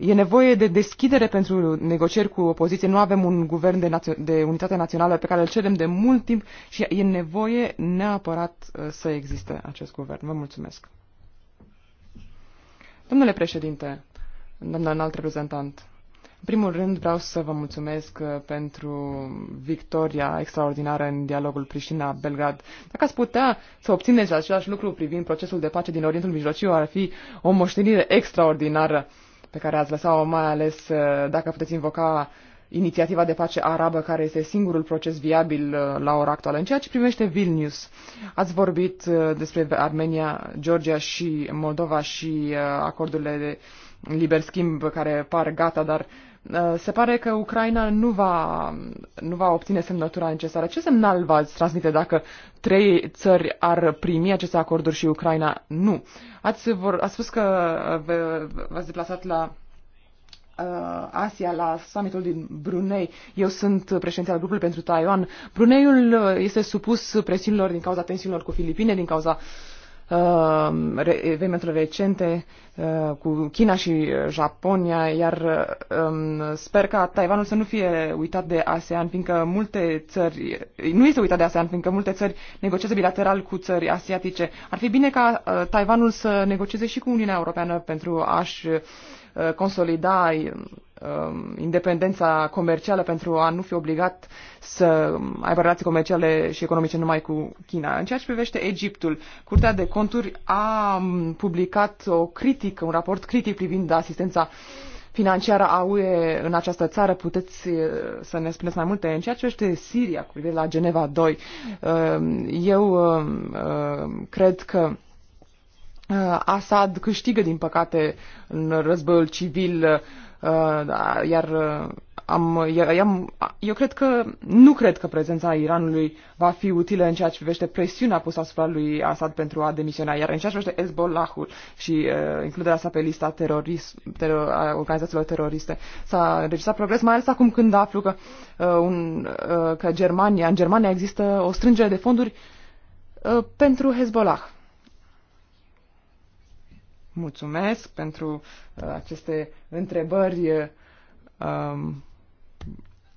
E nevoie de deschidere pentru negocieri cu opoziție. Nu avem un guvern de, națio- de unitate națională pe care îl cerem de mult timp și e nevoie neapărat uh, să existe acest guvern. Vă mulțumesc. Domnule președinte, domnule înalt reprezentant, în primul rând vreau să vă mulțumesc uh, pentru victoria extraordinară în dialogul Priștina-Belgrad. Dacă ați putea să obțineți același lucru privind procesul de pace din Orientul Mijlociu, ar fi o moștenire extraordinară pe care ați lăsat-o, mai ales uh, dacă puteți invoca inițiativa de pace arabă, care este singurul proces viabil uh, la ora actuală. În ceea ce privește Vilnius, ați vorbit uh, despre Armenia, Georgia și Moldova și acordurile de liber schimb care par gata, dar uh, Uh, se pare că Ucraina nu va, nu va obține semnătura necesară. Ce semnal va transmite dacă trei țări ar primi aceste acorduri și Ucraina nu? Ați, vor, ați spus că uh, v-ați deplasat la uh, Asia la summitul din Brunei. Eu sunt președinte al grupului pentru Taiwan. Bruneiul este supus presiunilor din cauza tensiunilor cu Filipine, din cauza uh, uh, evenimentele recente uh, cu China și uh, Japonia, iar uh, um, sper ca Taiwanul să nu fie uitat de ASEAN, fiindcă multe țări, nu este uitat de ASEAN, fiindcă multe țări negociază bilateral cu țări asiatice. Ar fi bine ca uh, Taiwanul să negocieze și cu Uniunea Europeană pentru a-și uh, consolida uh, Um, independența comercială pentru a nu fi obligat să aibă relații comerciale și economice numai cu China. În ceea ce privește Egiptul, Curtea de Conturi a um, publicat o critică, un raport critic privind asistența financiară a UE în această țară. Puteți uh, să ne spuneți mai multe în ceea ce este Siria cu privire la Geneva 2. Um, eu cred că uh, Assad câștigă, din păcate, în războiul civil Uh, da, uh, iar am, i-am, eu cred că nu cred că prezența Iranului va fi utilă în ceea ce privește presiunea pusă asupra lui Assad pentru a demisiona, iar în ceea ce privește Hezbollahul și uh, includerea sa pe lista terorist, teror, a organizațiilor teroriste. S-a înregistrat progres, mai ales acum când aflu că, uh, un, uh, că Germania, în Germania există o strângere de fonduri uh, pentru Hezbollah. Mulțumesc pentru uh, aceste întrebări um,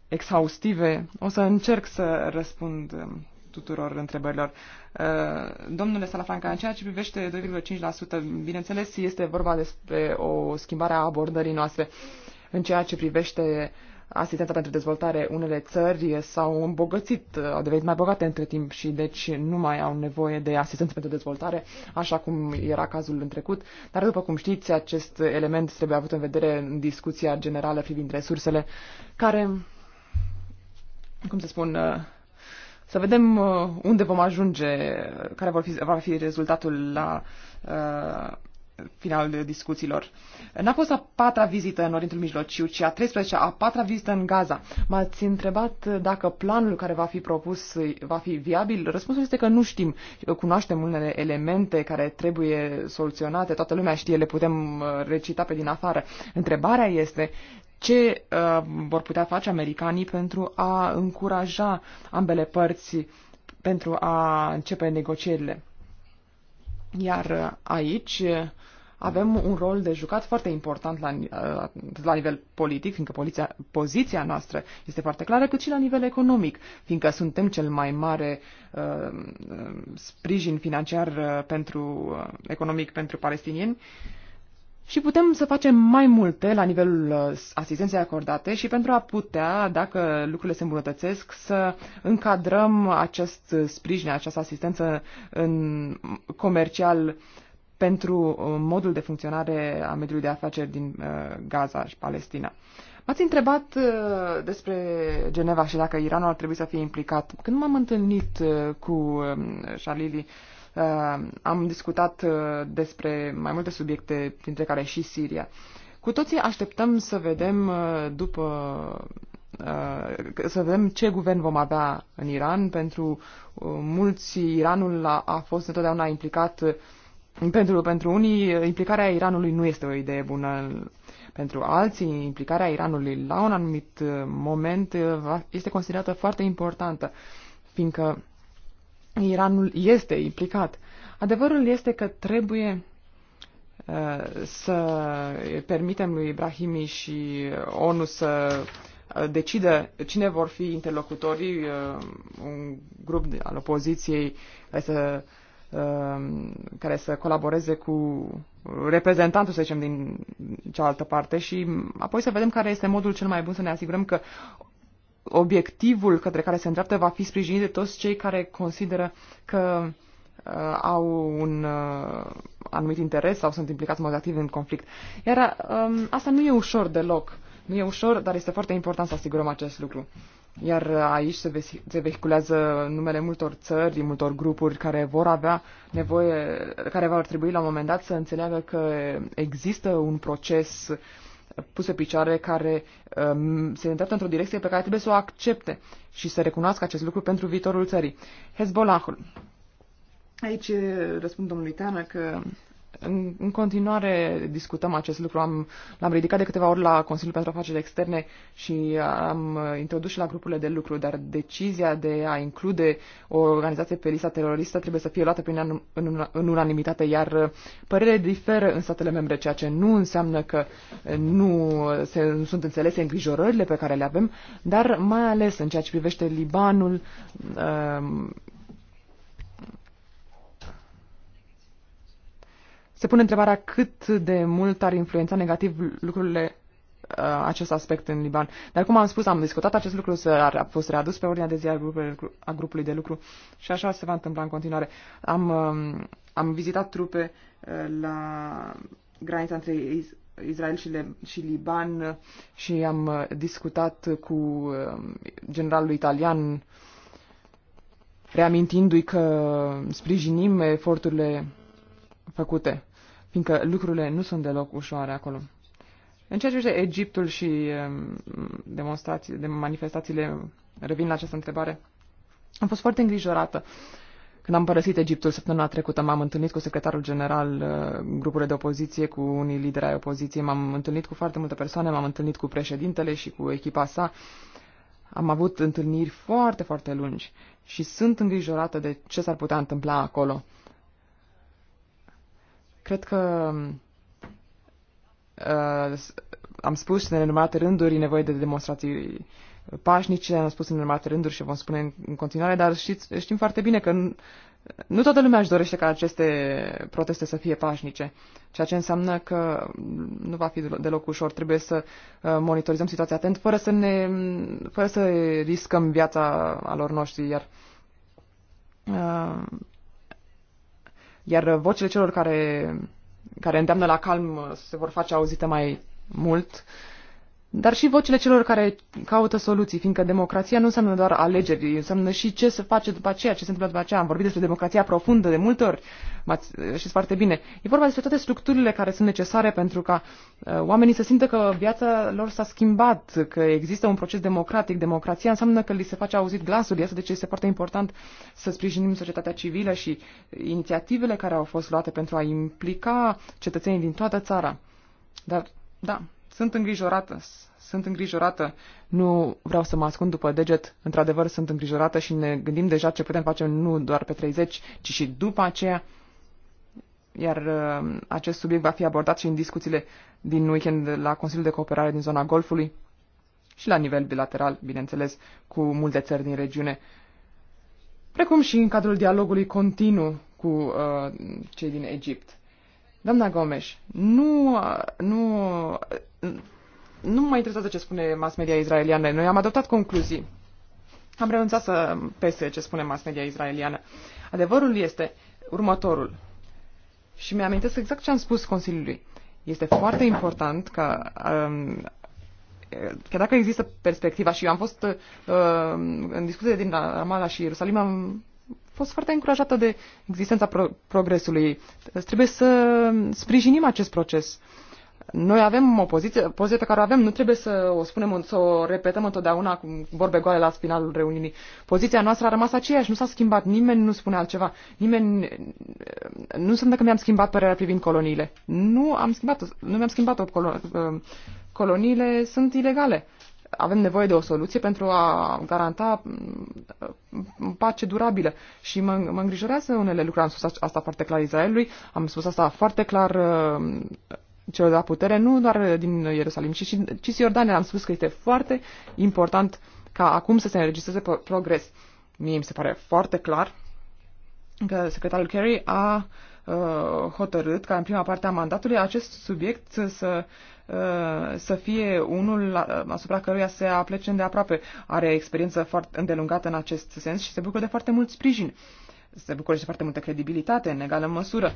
exhaustive. O să încerc să răspund um, tuturor întrebărilor. Uh, domnule Salafranca, în ceea ce privește 2,5%, bineînțeles, este vorba despre o schimbare a abordării noastre în ceea ce privește uh, asistența pentru dezvoltare, unele țări s-au îmbogățit, au devenit mai bogate între timp și deci nu mai au nevoie de asistență pentru dezvoltare, așa cum era cazul în trecut. Dar după cum știți, acest element trebuie avut în vedere în discuția generală privind resursele, care, cum să spun, să vedem uh, unde vom ajunge, care vor fi, va fi rezultatul la uh, finalul discuțiilor. N-a fost a patra vizită în Orientul Mijlociu, ci a 13-a, a patra vizită în Gaza. M-ați întrebat dacă planul care va fi propus va fi viabil. Răspunsul este că nu știm. Cunoaștem unele elemente care trebuie soluționate, toată lumea știe, le putem uh, recita pe din afară. Întrebarea este ce uh, vor putea face americanii pentru a încuraja ambele părți pentru a începe negocierile. Iar uh, aici uh, avem un rol de jucat foarte important la, uh, la nivel politic, fiindcă poliția, poziția noastră este foarte clară, cât și la nivel economic, fiindcă suntem cel mai mare uh, sprijin financiar uh, pentru, uh, economic pentru palestinieni. Și putem să facem mai multe la nivelul uh, asistenței acordate și pentru a putea, dacă lucrurile se îmbunătățesc, să încadrăm acest sprijin, această asistență în comercial pentru uh, modul de funcționare a mediului de afaceri din uh, Gaza și Palestina. M-ați întrebat uh, despre Geneva și dacă Iranul ar trebui să fie implicat. Când m-am întâlnit cu um, Shalili, am discutat despre mai multe subiecte, printre care și Siria. Cu toții așteptăm să vedem după să vedem ce guvern vom avea în Iran. Pentru mulți, Iranul a, a fost întotdeauna implicat pentru, pentru unii, implicarea Iranului nu este o idee bună. Pentru alții, implicarea Iranului la un anumit uh, moment uh, este considerată foarte importantă, fiindcă Iranul este implicat. Adevărul este că trebuie uh, să permitem lui Ibrahimi și ONU să decidă cine vor fi interlocutorii, un grup al opoziției să Um, care să colaboreze cu reprezentantul, să zicem, din cealaltă parte și apoi să vedem care este modul cel mai bun să ne asigurăm că obiectivul către care se îndreaptă va fi sprijinit de toți cei care consideră că uh, au un uh, anumit interes sau sunt implicați mod activ în conflict. Iar uh, asta nu e ușor deloc. Nu e ușor, dar este foarte important să asigurăm acest lucru. Iar aici se, ve- se vehiculează numele multor țări, multor grupuri care vor avea nevoie, care vor trebui la un moment dat să înțeleagă că există un proces pus pe picioare care um, se îndreaptă într-o direcție pe care trebuie să o accepte și să recunoască acest lucru pentru viitorul țării. Hezbollahul. Aici eh, răspund domnului Teană că în, în continuare discutăm acest lucru. Am, l-am ridicat de câteva ori la Consiliul pentru Afaceri Externe și am introdus și la grupurile de lucru, dar decizia de a include o organizație pe lista teroristă trebuie să fie luată prin în, în, în unanimitate, iar părerile diferă în statele membre, ceea ce nu înseamnă că nu, se, nu sunt înțelese îngrijorările pe care le avem, dar mai ales în ceea ce privește Libanul, Uh, Se pune întrebarea cât de mult ar influența negativ lucrurile uh, acest aspect în Liban. Dar cum am spus, am discutat acest lucru, a fost readus pe ordinea de zi a grupului, a grupului de lucru și așa se va întâmpla în continuare. Am, um, am vizitat trupe uh, la granița între Israel și, Le- și Liban uh, și am discutat cu um, generalul italian reamintindu-i că sprijinim eforturile făcute fiindcă lucrurile nu sunt deloc ușoare acolo. În ceea ce privește Egiptul și um, demonstrații, de manifestațiile, revin la această întrebare, am fost foarte îngrijorată. Când am părăsit Egiptul săptămâna trecută, m-am întâlnit cu secretarul general, uh, grupului de opoziție, cu unii lideri ai opoziției, m-am întâlnit cu foarte multe persoane, m-am întâlnit cu președintele și cu echipa sa. Am avut întâlniri foarte, foarte lungi și sunt îngrijorată de ce s-ar putea întâmpla acolo. Cred că uh, am spus în renumărate rânduri nevoie de demonstrații pașnice, am spus în renumărate rânduri și vom spune în, în continuare, dar știți, știm foarte bine că nu, nu toată lumea își dorește ca aceste proteste să fie pașnice, ceea ce înseamnă că nu va fi deloc ușor. Trebuie să uh, monitorizăm situația atent fără să, ne, fără să riscăm viața alor noștri, iar uh, iar vocile celor care, care îndeamnă la calm se vor face auzite mai mult dar și vocile celor care caută soluții, fiindcă democrația nu înseamnă doar alegeri, înseamnă și ce se face după aceea, ce se întâmplă după aceea. Am vorbit despre democrația profundă de multe ori, și foarte bine. E vorba despre toate structurile care sunt necesare pentru ca uh, oamenii să simtă că viața lor s-a schimbat, că există un proces democratic. Democrația înseamnă că li se face auzit glasul, iată de ce este foarte important să sprijinim societatea civilă și inițiativele care au fost luate pentru a implica cetățenii din toată țara. Dar, da, sunt îngrijorată, sunt îngrijorată, nu vreau să mă ascund după deget, într-adevăr sunt îngrijorată și ne gândim deja ce putem face nu doar pe 30, ci și după aceea. Iar uh, acest subiect va fi abordat și în discuțiile din weekend la Consiliul de Cooperare din zona Golfului și la nivel bilateral, bineînțeles, cu multe țări din regiune, precum și în cadrul dialogului continuu cu uh, cei din Egipt. Doamna Gomes, nu, nu, nu mă interesează ce spune mass media izraeliană. Noi am adoptat concluzii. Am renunțat să pese ce spune mass media izraeliană. Adevărul este următorul. Și mi-amintesc exact ce am spus Consiliului. Este foarte important că um, chiar dacă există perspectiva și eu am fost uh, în discuție din Ramala și Ierusalim, am fost foarte încurajată de existența pro- progresului. Trebuie să sprijinim acest proces. Noi avem o poziție, poziție pe care o avem, nu trebuie să o spunem, să o repetăm întotdeauna cu vorbe goale la spinalul reuniunii. Poziția noastră a rămas aceeași, nu s-a schimbat, nimeni nu spune altceva, nimeni, nu înseamnă că mi-am schimbat părerea privind coloniile. Nu am schimbat, nu mi-am schimbat-o, ă, coloniile sunt ilegale avem nevoie de o soluție pentru a garanta mm, mm, pace durabilă. Și mă, mă îngrijorează unele lucruri. Am spus asta foarte clar Israelului, am spus asta foarte clar mm, celor de la putere, nu doar din Ierusalim, ci și Cisjordania. Am spus că este foarte important ca acum să se înregistreze progres. Mie mi se pare foarte clar că secretarul Kerry a uh, hotărât ca în prima parte a mandatului acest subiect să Uh, să fie unul asupra căruia se aplece aproape Are experiență foarte îndelungată în acest sens și se bucură de foarte mult sprijin. Se bucură și de foarte multă credibilitate în egală măsură.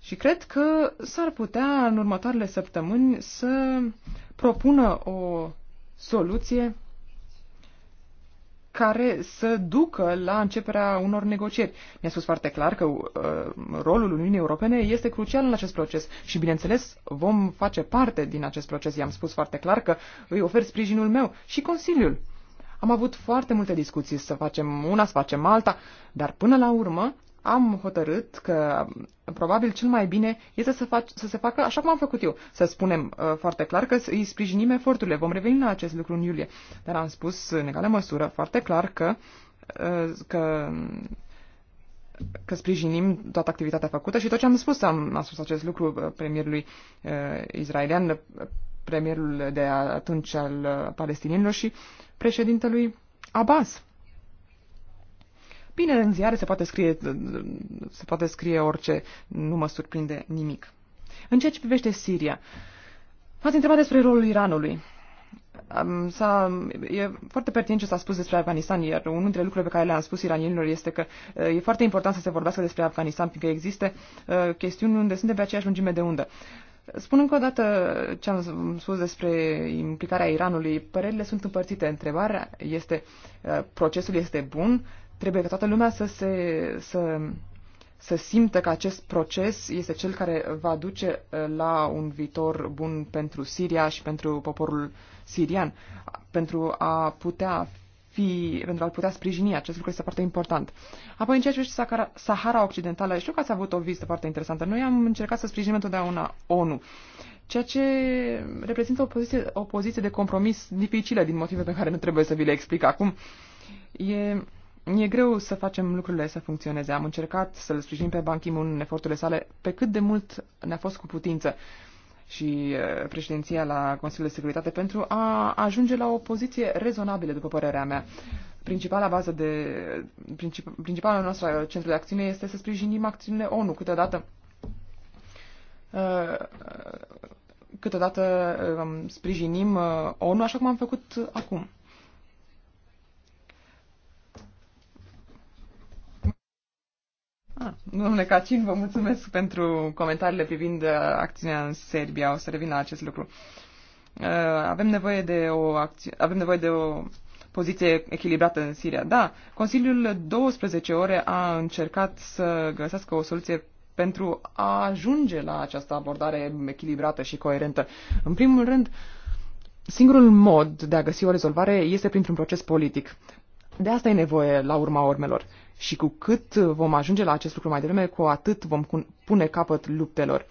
Și cred că s-ar putea în următoarele săptămâni să propună o soluție care să ducă la începerea unor negocieri. Mi-a spus foarte clar că uh, rolul Uniunii Europene este crucial în acest proces și, bineînțeles, vom face parte din acest proces. I-am spus foarte clar că îi ofer sprijinul meu și Consiliul. Am avut foarte multe discuții să facem una, să facem alta, dar până la urmă am hotărât că um, probabil cel mai bine este să, fac, să se facă așa cum am făcut eu. Să spunem uh, foarte clar că îi sprijinim eforturile. Vom reveni la acest lucru în iulie. Dar am spus în egală măsură foarte clar că, uh, că că sprijinim toată activitatea făcută și tot ce am spus, am, am spus acest lucru uh, premierului uh, israelian, premierul de atunci al uh, palestinilor și președintelui Abbas. Bine, în ziare se poate scrie, se poate scrie orice, nu mă surprinde nimic. În ceea ce privește Siria, m-ați întrebat despre rolul Iranului. S-a, e foarte pertinent ce s-a spus despre Afganistan, iar unul dintre lucrurile pe care le-am spus iranienilor este că e foarte important să se vorbească despre Afganistan, fiindcă există chestiuni unde suntem pe aceeași lungime de undă. Spun încă o dată ce am spus despre implicarea Iranului. Părerile sunt împărțite. Întrebarea este, procesul este bun Trebuie ca toată lumea să, se, să, să simtă că acest proces este cel care va duce uh, la un viitor bun pentru Siria și pentru poporul sirian, pentru a putea fi, pentru a putea sprijini. Acest lucru este foarte important. Apoi, în ceea ce privește Sahara Occidentală, știu că ați avut o vizită foarte interesantă. Noi am încercat să sprijinim întotdeauna ONU, ceea ce reprezintă o poziție, o poziție de compromis dificilă din motive pe care nu trebuie să vi le explic acum. E E greu să facem lucrurile să funcționeze. Am încercat să-l sprijinim pe Ban Ki-moon în eforturile sale pe cât de mult ne-a fost cu putință și președinția la Consiliul de Securitate pentru a ajunge la o poziție rezonabilă, după părerea mea. Principala bază de, princip, principala noastră centru de acțiune este să sprijinim acțiunile ONU. Câteodată câteodată um, sprijinim uh, ONU așa cum am făcut acum. Ah, domnule Cacin, vă mulțumesc pentru comentariile privind uh, acțiunea în Serbia. O să revin la acest lucru. Uh, avem nevoie de o, acțiune, avem nevoie de o poziție echilibrată în Siria. Da, Consiliul 12 ore a încercat să găsească o soluție pentru a ajunge la această abordare echilibrată și coerentă. În primul rând, singurul mod de a găsi o rezolvare este printr-un proces politic. De asta e nevoie la urma urmelor. Și cu cât vom ajunge la acest lucru mai devreme, cu atât vom pune capăt luptelor.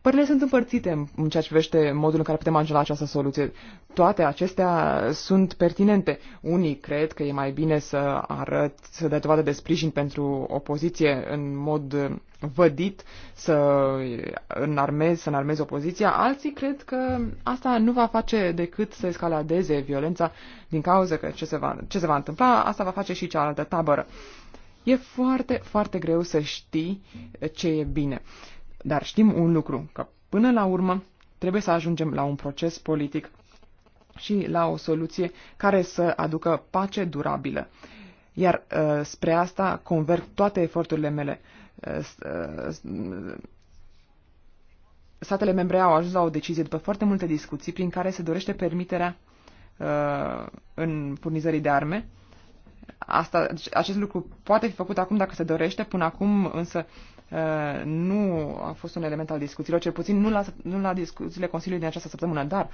Părerile sunt împărțite în ceea ce privește modul în care putem ajunge la această soluție. Toate acestea sunt pertinente. Unii cred că e mai bine să arăt, să dea dovadă de sprijin pentru opoziție în mod vădit, să înarmezi, să înarmezi opoziția. Alții cred că asta nu va face decât să escaladeze violența din cauza că ce se va, ce se va întâmpla, asta va face și cealaltă tabără. Uh, E foarte, foarte greu să știi ce e bine. Dar știm un lucru, că până la urmă trebuie să ajungem la un proces politic și la o soluție care să aducă pace durabilă. Iar uh, spre asta converg toate eforturile mele. Uh, uh, statele membre au ajuns la o decizie după foarte multe discuții prin care se dorește permiterea uh, în furnizării de arme Asta, acest lucru poate fi făcut acum dacă se dorește, până acum însă uh, nu a fost un element al discuțiilor, cel puțin nu la, nu la discuțiile Consiliului din această săptămână, dar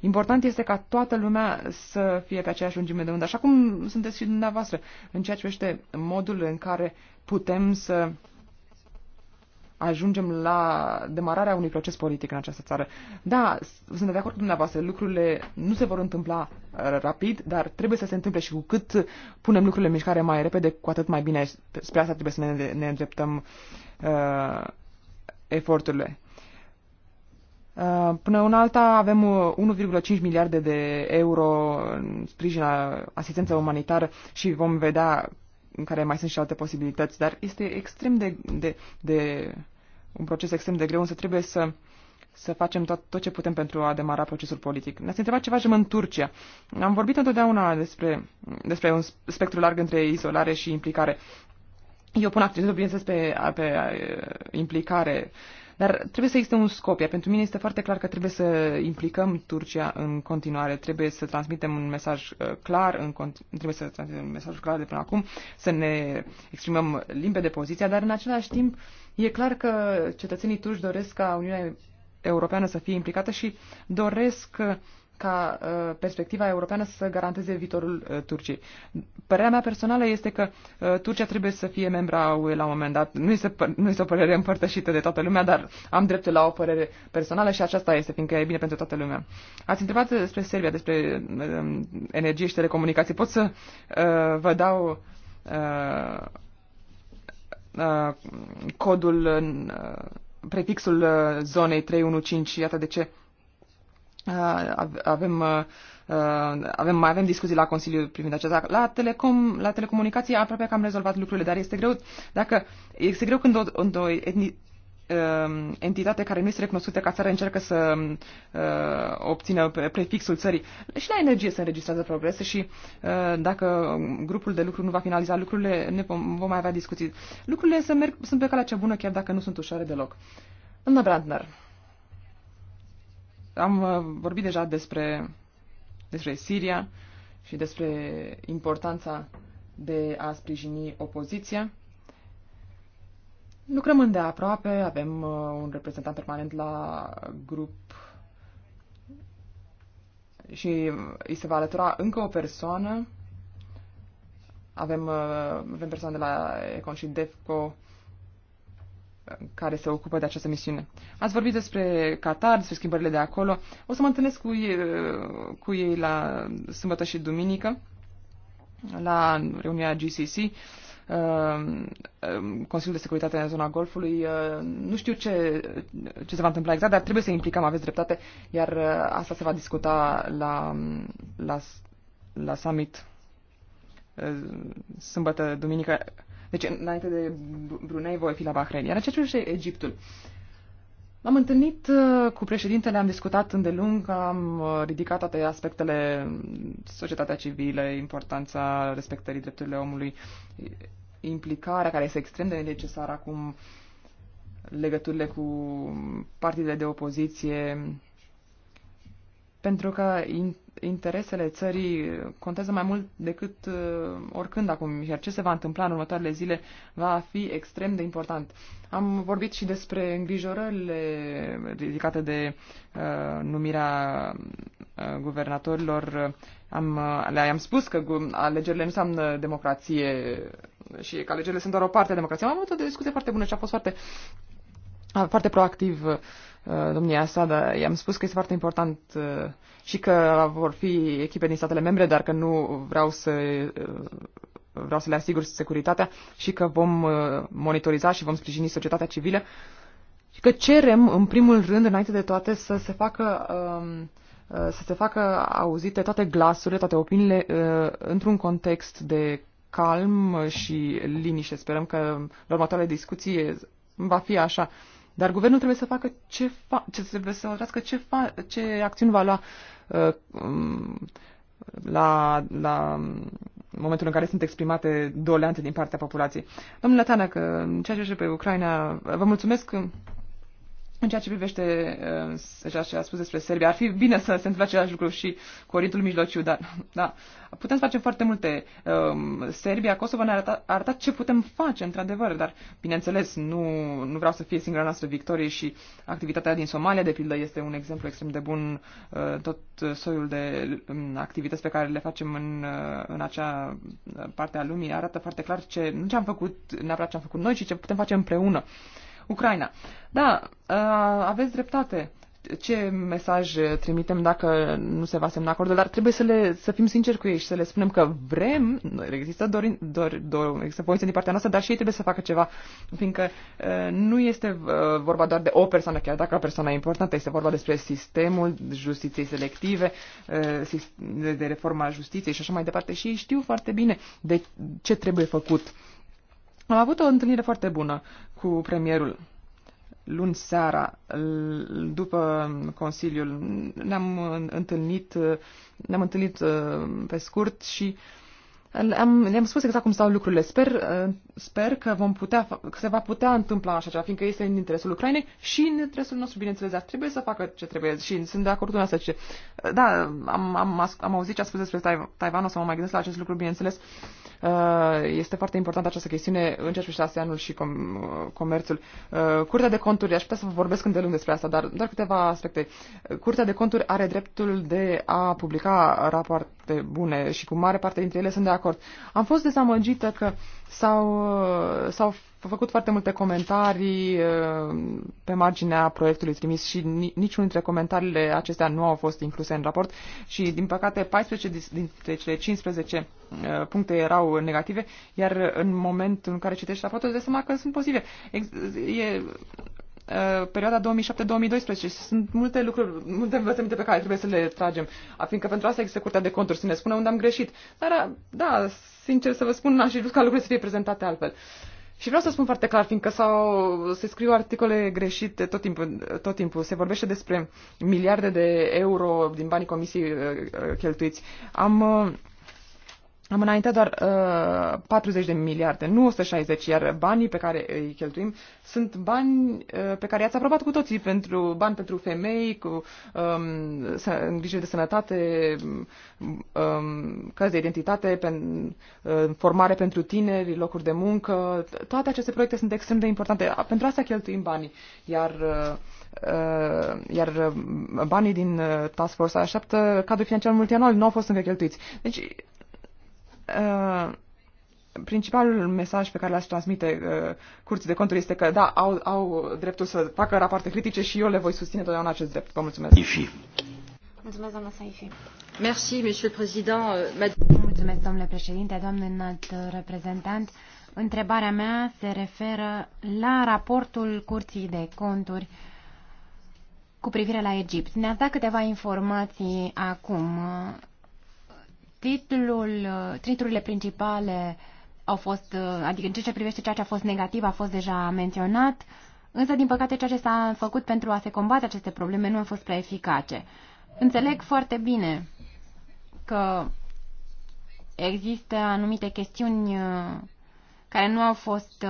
important este ca toată lumea să fie pe aceeași lungime de undă, așa cum sunteți și dumneavoastră, în ceea ce privește modul în care putem să ajungem la demararea unui proces politic în această țară. Da, sunt de acord cu dumneavoastră, lucrurile nu se vor întâmpla uh, rapid, dar trebuie să se întâmple și cu cât punem lucrurile în mișcare mai repede, cu atât mai bine. Spre asta trebuie să ne, ne îndreptăm uh, eforturile. Uh, până în alta avem 1,5 uh, miliarde de euro în sprijin asistență umanitară și vom vedea în care mai sunt și alte posibilități, dar este extrem de, de, de un proces extrem de greu, însă trebuie să, să facem tot, tot ce putem pentru a demara procesul politic. Ne-ați întrebat ce facem în Turcia. Am vorbit întotdeauna despre, despre un spectru larg între izolare și implicare. Eu pun accentul, bineînțeles, pe, pe uh, implicare. Dar trebuie să existe un scop, iar pentru mine este foarte clar că trebuie să implicăm Turcia în continuare, trebuie să transmitem un mesaj uh, clar, în trebuie să transmitem un mesaj clar de până acum, să ne exprimăm limpede poziția, dar în același timp uh, E clar că cetățenii turci doresc ca Uniunea Europeană să fie implicată și doresc ca uh, perspectiva europeană să garanteze viitorul uh, Turciei. Părerea mea personală este că uh, Turcia trebuie să fie membra UE la un moment dat. Nu este, nu este o părere împărtășită de toată lumea, dar am dreptul la o părere personală și aceasta este, fiindcă e bine pentru toată lumea. Ați întrebat despre Serbia, despre uh, energie și telecomunicații. Pot să uh, vă dau uh, Uh, codul, în, uh, prefixul uh, zonei 315, iată de ce avem, avem, mai avem discuții la Consiliu privind acesta. La, telecom, la telecomunicații aproape că am rezolvat lucrurile, dar este greu, dacă, este greu când o, o etnie, uh, entitate care nu este recunoscută ca țară încearcă să uh, obțină prefixul țării. Și la energie se înregistrează progrese și uh, dacă grupul de lucru nu va finaliza lucrurile, ne vom, mai avea discuții. Lucrurile se merg, sunt pe calea cea bună, chiar dacă nu sunt ușoare deloc. Doamna Brandner, am uh, vorbit deja despre, despre Siria și despre importanța de a sprijini opoziția. Lucrăm îndeaproape, avem uh, un reprezentant permanent la grup și îi se va alătura încă o persoană. Avem, uh, avem persoane de la Econ și DEFCO care se ocupă de această misiune. Ați vorbit despre Qatar, despre schimbările de acolo. O să mă întâlnesc cu ei, uh, cu ei la sâmbătă și duminică, la reuniunea GCC. Um, um, Consiliul de Securitate în zona Golfului. Uh, nu știu ce, ce se va întâmpla exact, dar trebuie să implicăm, aveți dreptate, iar uh, asta se va discuta la, la, la summit uh, sâmbătă, duminică. Deci, înainte de Brunei, voi fi la Bahrain. Iar ceea ce și Egiptul, M-am întâlnit cu președintele, am discutat îndelung, am ridicat toate aspectele, societatea civilă, importanța respectării drepturilor omului, implicarea care este extrem de necesară acum, legăturile cu partidele de opoziție, pentru că interesele țării contează mai mult decât uh, oricând acum, iar ce se va întâmpla în următoarele zile va fi extrem de important. Am vorbit și despre îngrijorările ridicate de uh, numirea uh, guvernatorilor am, le-am spus că alegerile nu înseamnă democrație și că alegerile sunt doar o parte a democrației. Am avut o discuție foarte bună și a fost foarte, foarte proactiv uh, domnia sa, dar i-am spus că este foarte important uh, și că vor fi echipe din statele membre, dar că nu vreau să uh, vreau să le asigur securitatea și că vom monitoriza și vom sprijini societatea civilă și că cerem, în primul rând, înainte de toate, să se facă um, să se facă auzite toate glasurile, toate opiniile uh, într-un context de calm și liniște. Sperăm că la următoarele discuții va fi așa. Dar guvernul trebuie să facă ce fa- ce, trebuie să hotărască ce, fa- ce acțiuni va lua uh, um, la, la momentul în care sunt exprimate doleanțe din partea populației. Domnule Tana, că în ceea ce pe Ucraina, vă mulțumesc în ceea ce privește uh, așa ce a spus despre Serbia, ar fi bine să se întâmple același lucru și cu Orientul Mijlociu, dar da, putem să facem foarte multe. Um, Serbia, Kosovo ne-a arătat, arătat ce putem face, într-adevăr, dar, bineînțeles, nu, nu vreau să fie singura noastră victorie și activitatea din Somalia, de pildă, este un exemplu extrem de bun, uh, tot soiul de um, activități pe care le facem în, uh, în acea parte a lumii arată foarte clar ce, nu ce am făcut, neapărat ce am făcut noi, ci ce putem face împreună. Ucraina. Da, aveți dreptate. Ce mesaj trimitem dacă nu se va semna acordul? Dar trebuie să, le, să fim sinceri cu ei și să le spunem că vrem, există, dorin, dor, dor, există voință din partea noastră, dar și ei trebuie să facă ceva, fiindcă nu este vorba doar de o persoană, chiar dacă o persoană e importantă, este vorba despre sistemul justiției selective, de reforma justiției și așa mai departe. Și ei știu foarte bine de ce trebuie făcut am avut o întâlnire foarte bună cu premierul luni seara, după Consiliul, ne-am întâlnit, ne-am întâlnit uh, pe scurt și am, le-am spus exact cum stau lucrurile. Sper, uh, sper că, vom putea, că se va putea întâmpla așa ceva, fiindcă este în interesul Ucrainei și în interesul nostru, bineînțeles, dar trebuie să facă ce trebuie și sunt de acord cu asta. Ce... Da, am, am, am auzit ce a spus despre Taiwan, o să mă mai gândesc la acest lucru, bineînțeles. Uh, este foarte importantă această chestiune în ceea ce privește ASEAN-ul și com, uh, comerțul. Curtea de conturi, aș putea să vă vorbesc îndelung despre asta, dar doar câteva aspecte. Curtea de conturi are dreptul de a publica rapoarte bune și cu mare parte dintre ele sunt de acord acord. Am fost dezamăgită că s-au, uh, s-au făcut foarte multe comentarii uh, pe marginea proiectului trimis și niciunul dintre comentariile acestea nu au fost incluse în raport și, din păcate, 14 dintre cele 15 uh, puncte erau negative, iar în momentul în care citești raportul, îți dai seama că sunt pozitive. E, Uh, perioada 2007-2012 și sunt multe lucruri, multe învățăminte pe care trebuie să le tragem, fiindcă pentru asta există Curtea de Conturi, să ne spună unde am greșit. Dar, da, sincer să vă spun, aș vrea ca lucrurile să fie prezentate altfel. Și vreau să spun foarte clar, fiindcă s-au, se scriu articole greșite tot timpul, tot timpul. Se vorbește despre miliarde de euro din banii comisiei uh, cheltuiți. Am uh, am înaintat doar uh, 40 de miliarde, nu 160, iar banii pe care îi cheltuim sunt bani uh, pe care i-ați aprobat cu toții, pentru bani pentru femei, cu um, îngrijire de sănătate, um, căzi de identitate, pen, uh, formare pentru tineri, locuri de muncă. Toate aceste proiecte sunt extrem de importante. Pentru asta cheltuim banii. Iar uh, iar uh, banii din uh, Task Force așteaptă cadrul financiar multianual, nu au fost încă cheltuiți. Deci Uh, principalul mesaj pe care l-aș transmite uh, curții de conturi este că, da, au, au dreptul să facă rapoarte critice și eu le voi susține totdeauna acest drept. Vă mulțumesc. Ifi. Mulțumesc, doamna Saifi. Merci, monsieur président. Euh, mulțumesc, domnule președinte, doamne înalt uh, reprezentant. Întrebarea mea se referă la raportul curții de conturi cu privire la Egipt. Ne-ați dat câteva informații acum Uh, Titlul, uh, titlurile principale au fost, uh, adică în ceea ce privește ceea ce a fost negativ a fost deja menționat, însă din păcate ceea ce s-a făcut pentru a se combate aceste probleme nu a fost prea eficace. Înțeleg foarte bine că există anumite chestiuni uh, care nu au fost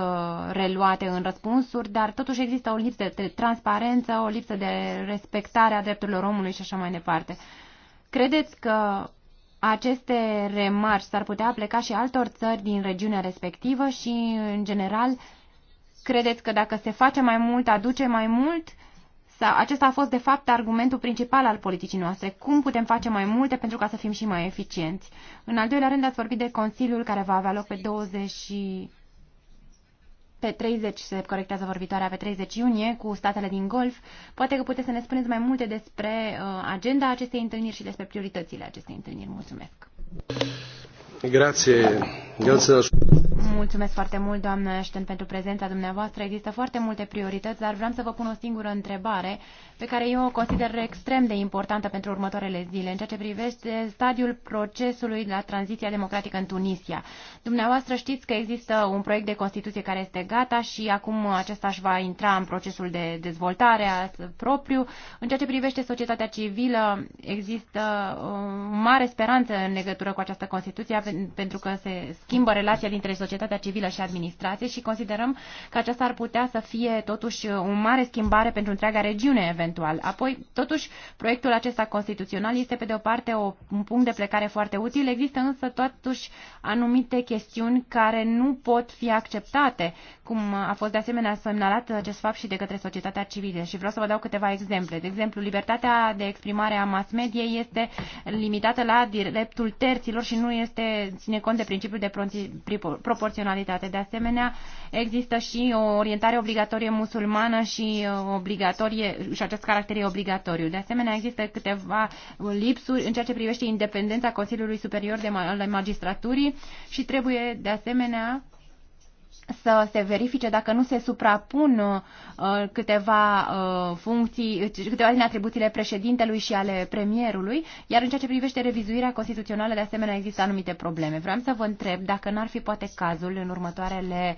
reluate în răspunsuri, dar totuși există o lipsă de transparență, o lipsă de respectare a drepturilor omului și așa mai departe. Credeți că aceste remarci s-ar putea aplica și altor țări din regiunea respectivă și, în general, credeți că dacă se face mai mult, aduce mai mult? Sau acesta a fost, de fapt, argumentul principal al politicii noastre. Cum putem face mai multe pentru ca să fim și mai eficienți? În al doilea rând, ați vorbit de Consiliul care va avea loc pe 20 pe 30, se corectează vorbitoarea, pe 30 iunie cu statele din Golf. Poate că puteți să ne spuneți mai multe despre uh, agenda acestei întâlniri și despre prioritățile acestei întâlniri. Mulțumesc! Mulțumesc foarte mult, doamnă Ashton, pentru prezența dumneavoastră. Există foarte multe priorități, dar vreau să vă pun o singură întrebare pe care eu o consider extrem de importantă pentru următoarele zile, în ceea ce privește stadiul procesului la tranziția democratică în Tunisia. Dumneavoastră știți că există un proiect de Constituție care este gata și acum acesta își va intra în procesul de dezvoltare propriu. În ceea ce privește societatea civilă, există o uh, mare speranță în legătură cu această Constituție, pentru că se schimbă relația dintre societatea civilă și administrație și considerăm că aceasta ar putea să fie totuși o mare schimbare pentru întreaga regiune eventual. Apoi, totuși, proiectul acesta constituțional este pe de o parte o, un punct de plecare foarte util, există însă totuși anumite chestiuni care nu pot fi acceptate cum a fost de asemenea semnalat acest fapt și de către societatea civilă. Și vreau să vă dau câteva exemple. De exemplu, libertatea de exprimare a mass media este limitată la dreptul terților și nu este ține cont de principiul de proporționalitate. De asemenea, există și o orientare obligatorie musulmană și uh, obligatorie și acest caracter e obligatoriu. De asemenea, există câteva lipsuri în ceea ce privește independența Consiliului Superior de Magistraturii și trebuie de asemenea să se verifice dacă nu se suprapun uh, câteva uh, funcții, uh, câteva din atribuțiile președintelui și ale premierului, iar în ceea ce privește revizuirea constituțională, de asemenea, există anumite probleme. Vreau să vă întreb dacă n-ar fi poate cazul în următoarele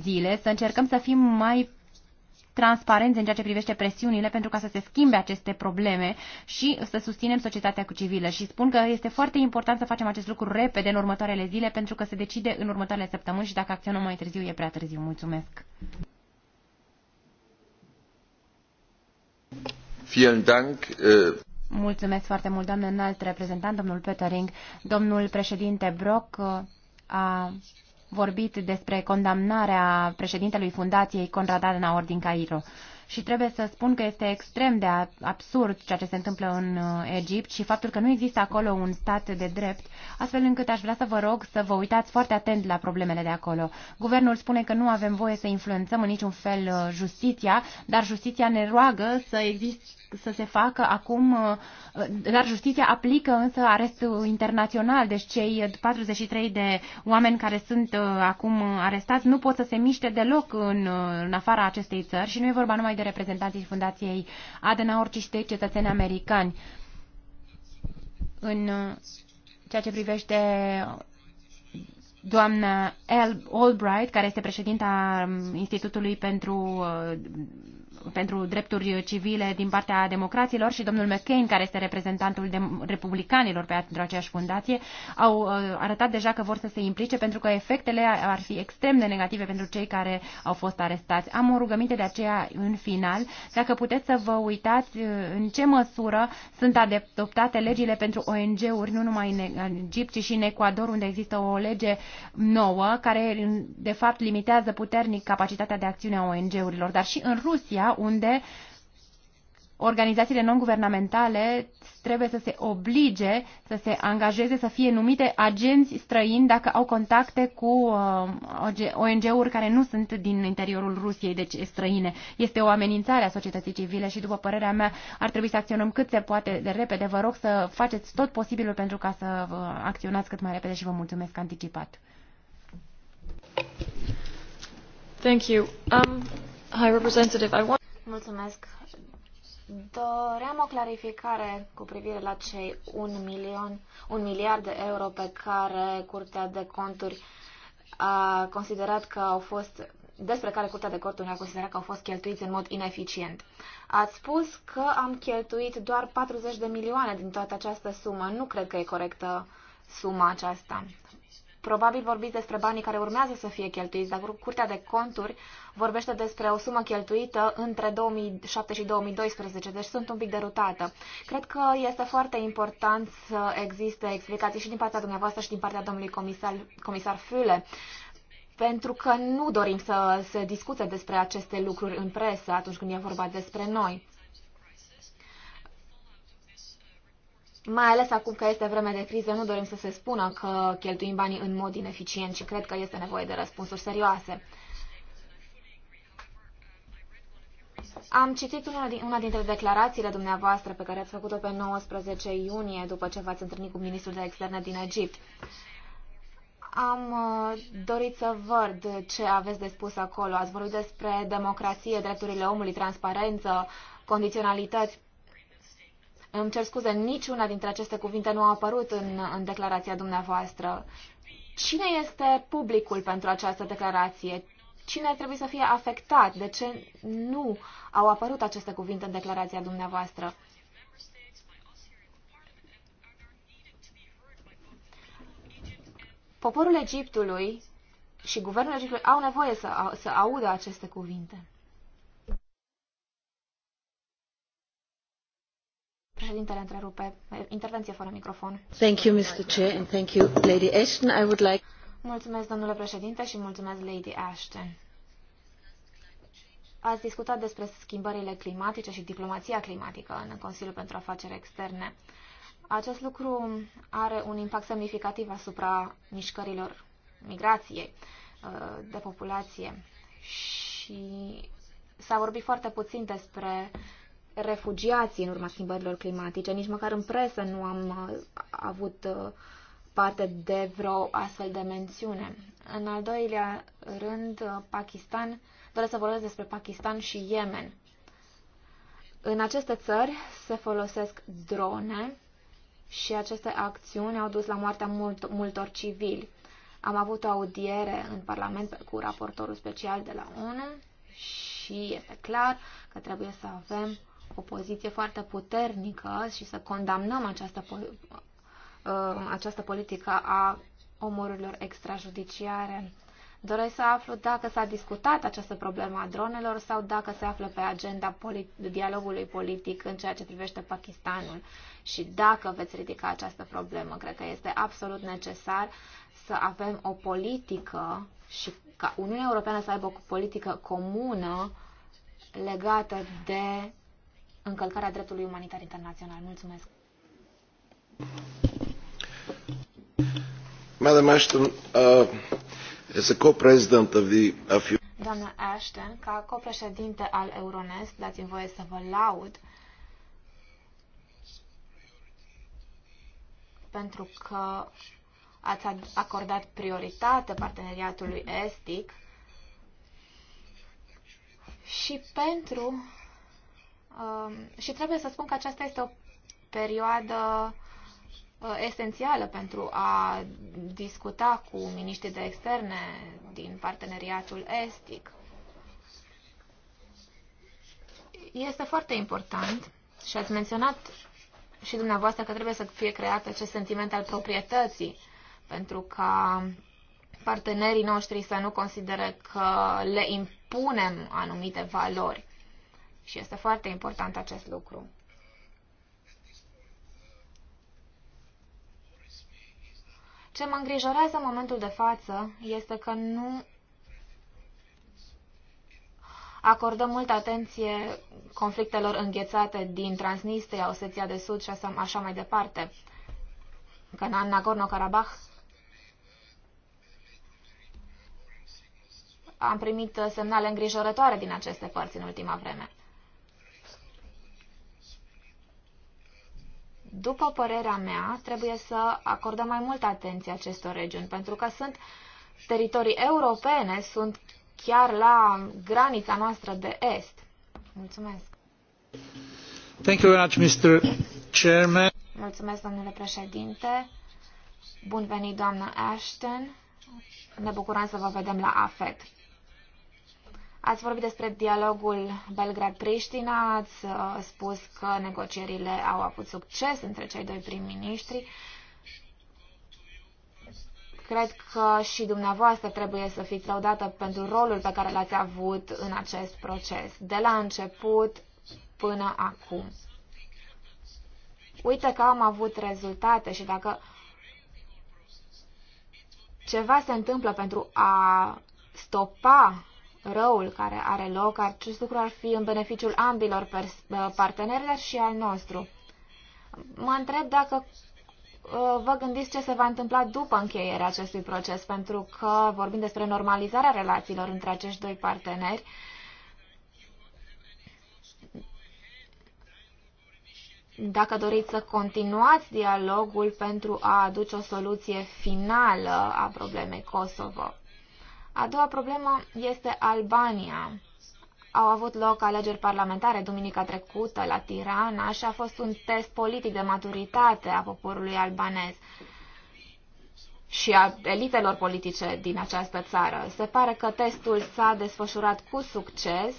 zile să încercăm să fim mai transparență în ceea ce privește presiunile pentru ca să se schimbe aceste probleme și să susținem societatea cu civilă. Și spun că este foarte important să facem acest lucru repede în următoarele zile pentru că se decide în următoarele săptămâni și dacă acționăm mai târziu e prea târziu. Mulțumesc! Eh. Mulțumesc foarte mult, doamnă înalt reprezentant, domnul Petering. Domnul președinte Brock eh, a vorbit despre condamnarea președintelui fundației Conrad Adenauer din Cairo. Și trebuie să spun că este extrem de absurd ceea ce se întâmplă în uh, Egipt și faptul că nu există acolo un stat de drept, astfel încât aș vrea să vă rog să vă uitați foarte atent la problemele de acolo. Guvernul spune că nu avem voie să influențăm în niciun fel uh, justiția, dar justiția ne roagă să existe să se facă acum, uh, dar justiția aplică însă arestul internațional, deci cei 43 de oameni care sunt uh, acum arestați nu pot să se miște deloc în, uh, în afara acestei țări și nu e vorba numai de reprezentanții Fundației Adenauer, ci și de cetățeni americani. În ceea ce privește doamna Al Albright, care este președinta um, Institutului pentru pentru drepturi civile din partea democraților și domnul McCain, care este reprezentantul de republicanilor pentru aceeași fundație, au uh, arătat deja că vor să se implice pentru că efectele ar fi extrem de negative pentru cei care au fost arestați. Am o rugăminte de aceea în final, dacă puteți să vă uitați uh, în ce măsură sunt adoptate legile pentru ONG-uri, nu numai în Egipt, ci și în Ecuador, unde există o lege nouă care, de fapt, limitează puternic capacitatea de acțiune a ONG-urilor, dar și în Rusia, unde organizațiile non-guvernamentale trebuie să se oblige să se angajeze să fie numite agenți străini dacă au contacte cu uh, ONG-uri care nu sunt din interiorul Rusiei, deci străine. Este o amenințare a societății civile și, după părerea mea, ar trebui să acționăm cât se poate de repede. Vă rog să faceți tot posibilul pentru ca să acționați cât mai repede și vă mulțumesc anticipat. Thank you. Um, high representative, I want Mulțumesc. Doream o clarificare cu privire la cei un milion, un miliard de euro pe care Curtea de Conturi a considerat că au fost despre care Curtea de Conturi a considerat că au fost cheltuiți în mod ineficient. Ați spus că am cheltuit doar 40 de milioane din toată această sumă. Nu cred că e corectă suma aceasta. Probabil vorbiți despre banii care urmează să fie cheltuiți, dar Curtea de Conturi vorbește despre o sumă cheltuită între 2007 și 2012, deci sunt un pic derutată. Cred că este foarte important să existe explicații și din partea dumneavoastră și din partea domnului comisar, comisar Füle, pentru că nu dorim să se discute despre aceste lucruri în presă atunci când e vorba despre noi. mai ales acum că este vreme de criză, nu dorim să se spună că cheltuim banii în mod ineficient și cred că este nevoie de răspunsuri serioase. Am citit una, din, una dintre declarațiile dumneavoastră pe care ați făcut-o pe 19 iunie după ce v-ați întâlnit cu ministrul de externe din Egipt. Am uh, dorit să văd ce aveți de spus acolo. Ați vorbit despre democrație, drepturile omului, transparență, condiționalități îmi cer scuze, niciuna dintre aceste cuvinte nu a apărut în, în declarația dumneavoastră. Cine este publicul pentru această declarație? Cine ar trebui să fie afectat? De ce nu au apărut aceste cuvinte în declarația dumneavoastră? Poporul Egiptului și guvernul Egiptului au nevoie să, să audă aceste cuvinte. Președintele întrerupe. Intervenție fără microfon. Thank you, Mr. Chair, and thank you, Lady Ashton. I would like... Mulțumesc, domnule președinte, și mulțumesc, Lady Ashton. Ați discutat despre schimbările climatice și diplomația climatică în Consiliul pentru Afaceri Externe. Acest lucru are un impact semnificativ asupra mișcărilor migrației uh, de populație și s-a vorbit foarte puțin despre uh, refugiații în urma schimbărilor climatice. Nici măcar în presă nu am uh, avut uh, parte de vreo astfel de mențiune. În al doilea rând, uh, Pakistan, doresc să vorbesc despre Pakistan și Yemen. În aceste țări se folosesc drone și aceste acțiuni au dus la moartea mult, multor civili. Am avut o audiere în Parlament cu raportorul special de la ONU și este clar că trebuie să avem o poziție foarte puternică și să condamnăm această, uh, această politică a omorurilor extrajudiciare. Doresc să aflu dacă s-a discutat această problemă a dronelor sau dacă se află pe agenda polit- dialogului politic în ceea ce privește Pakistanul și dacă veți ridica această problemă. Cred că este absolut necesar să avem o politică și ca Uniunea Europeană să aibă o politică comună legată de încălcarea dreptului umanitar internațional. Mulțumesc. Madam Ashton, uh, as a co-president of the Doamna Ashton, ca copreședinte al Euronest, dați-mi voie să vă laud pentru că ați acordat prioritate parteneriatului estic și pentru Um, și trebuie să spun că aceasta este o perioadă uh, esențială pentru a discuta cu miniștrii de externe din parteneriatul estic. Este foarte important și ați menționat și dumneavoastră că trebuie să fie creat acest sentiment al proprietății pentru ca partenerii noștri să nu considere că le impunem anumite valori. Și este foarte important acest lucru. Ce mă îngrijorează în momentul de față este că nu acordăm multă atenție conflictelor înghețate din Transnistria, Oseția de Sud și așa mai departe. Că în Nagorno-Karabakh am primit semnale îngrijorătoare din aceste părți în ultima vreme. După părerea mea, trebuie să acordăm mai multă atenție acestor regiuni, pentru că sunt teritorii europene, sunt chiar la granița noastră de est. Mulțumesc. Thank you very much, Mr. Chairman. Mulțumesc, domnule președinte. Bun venit, doamnă Ashton. Ne bucurăm să vă vedem la AFET. Ați vorbit despre dialogul Belgrad-Priștina, ați uh, spus că negocierile au avut succes între cei doi prim-ministri. Cred că și dumneavoastră trebuie să fiți laudată pentru rolul pe care l-ați avut în acest proces, de la început până acum. Uite că am avut rezultate și dacă ceva se întâmplă pentru a stopa răul care are loc, acest lucru ar fi în beneficiul ambilor uh, parteneri, dar și al nostru. Mă întreb dacă uh, vă gândiți ce se va întâmpla după încheierea acestui proces, pentru că vorbim despre normalizarea relațiilor între acești doi parteneri. Dacă doriți să continuați dialogul pentru a aduce o soluție finală a problemei Kosovo. A doua problemă este Albania. Au avut loc alegeri parlamentare duminica trecută la Tirana și a fost un test politic de maturitate a poporului albanez și a elitelor politice din această țară. Se pare că testul s-a desfășurat cu succes.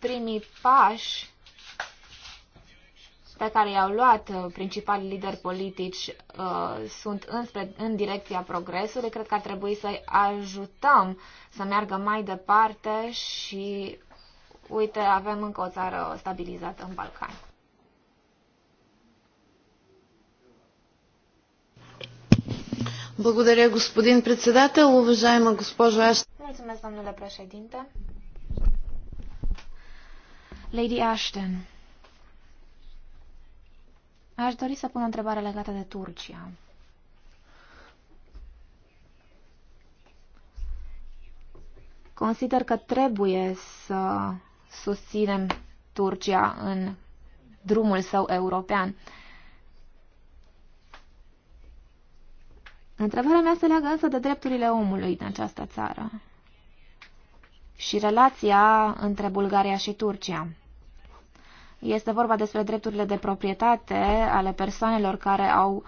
Primii pași pe care i-au luat uh, principalii lideri politici uh, sunt înspre, în direcția progresului. Cred că ar trebui să-i ajutăm să meargă mai departe și, uite, avem încă o țară stabilizată în Balcani. Благодаря, господин председател. Уважаема Mulțumesc, domnule președinte. Lady Ashton, Aș dori să pun o întrebare legată de Turcia. Consider că trebuie să susținem Turcia în drumul său european. Întrebarea mea se leagă însă de drepturile omului în această țară și relația între Bulgaria și Turcia. Este vorba despre drepturile de proprietate ale persoanelor care au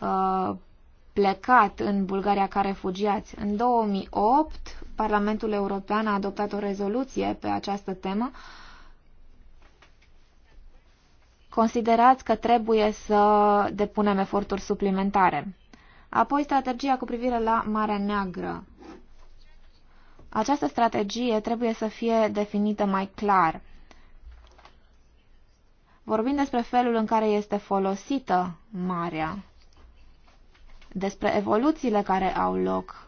uh, plecat în Bulgaria ca refugiați. În 2008, Parlamentul European a adoptat o rezoluție pe această temă. Considerați că trebuie să depunem eforturi suplimentare. Apoi, strategia cu privire la Marea Neagră. Această strategie trebuie să fie definită mai clar. Vorbim despre felul în care este folosită marea, despre evoluțiile care au loc,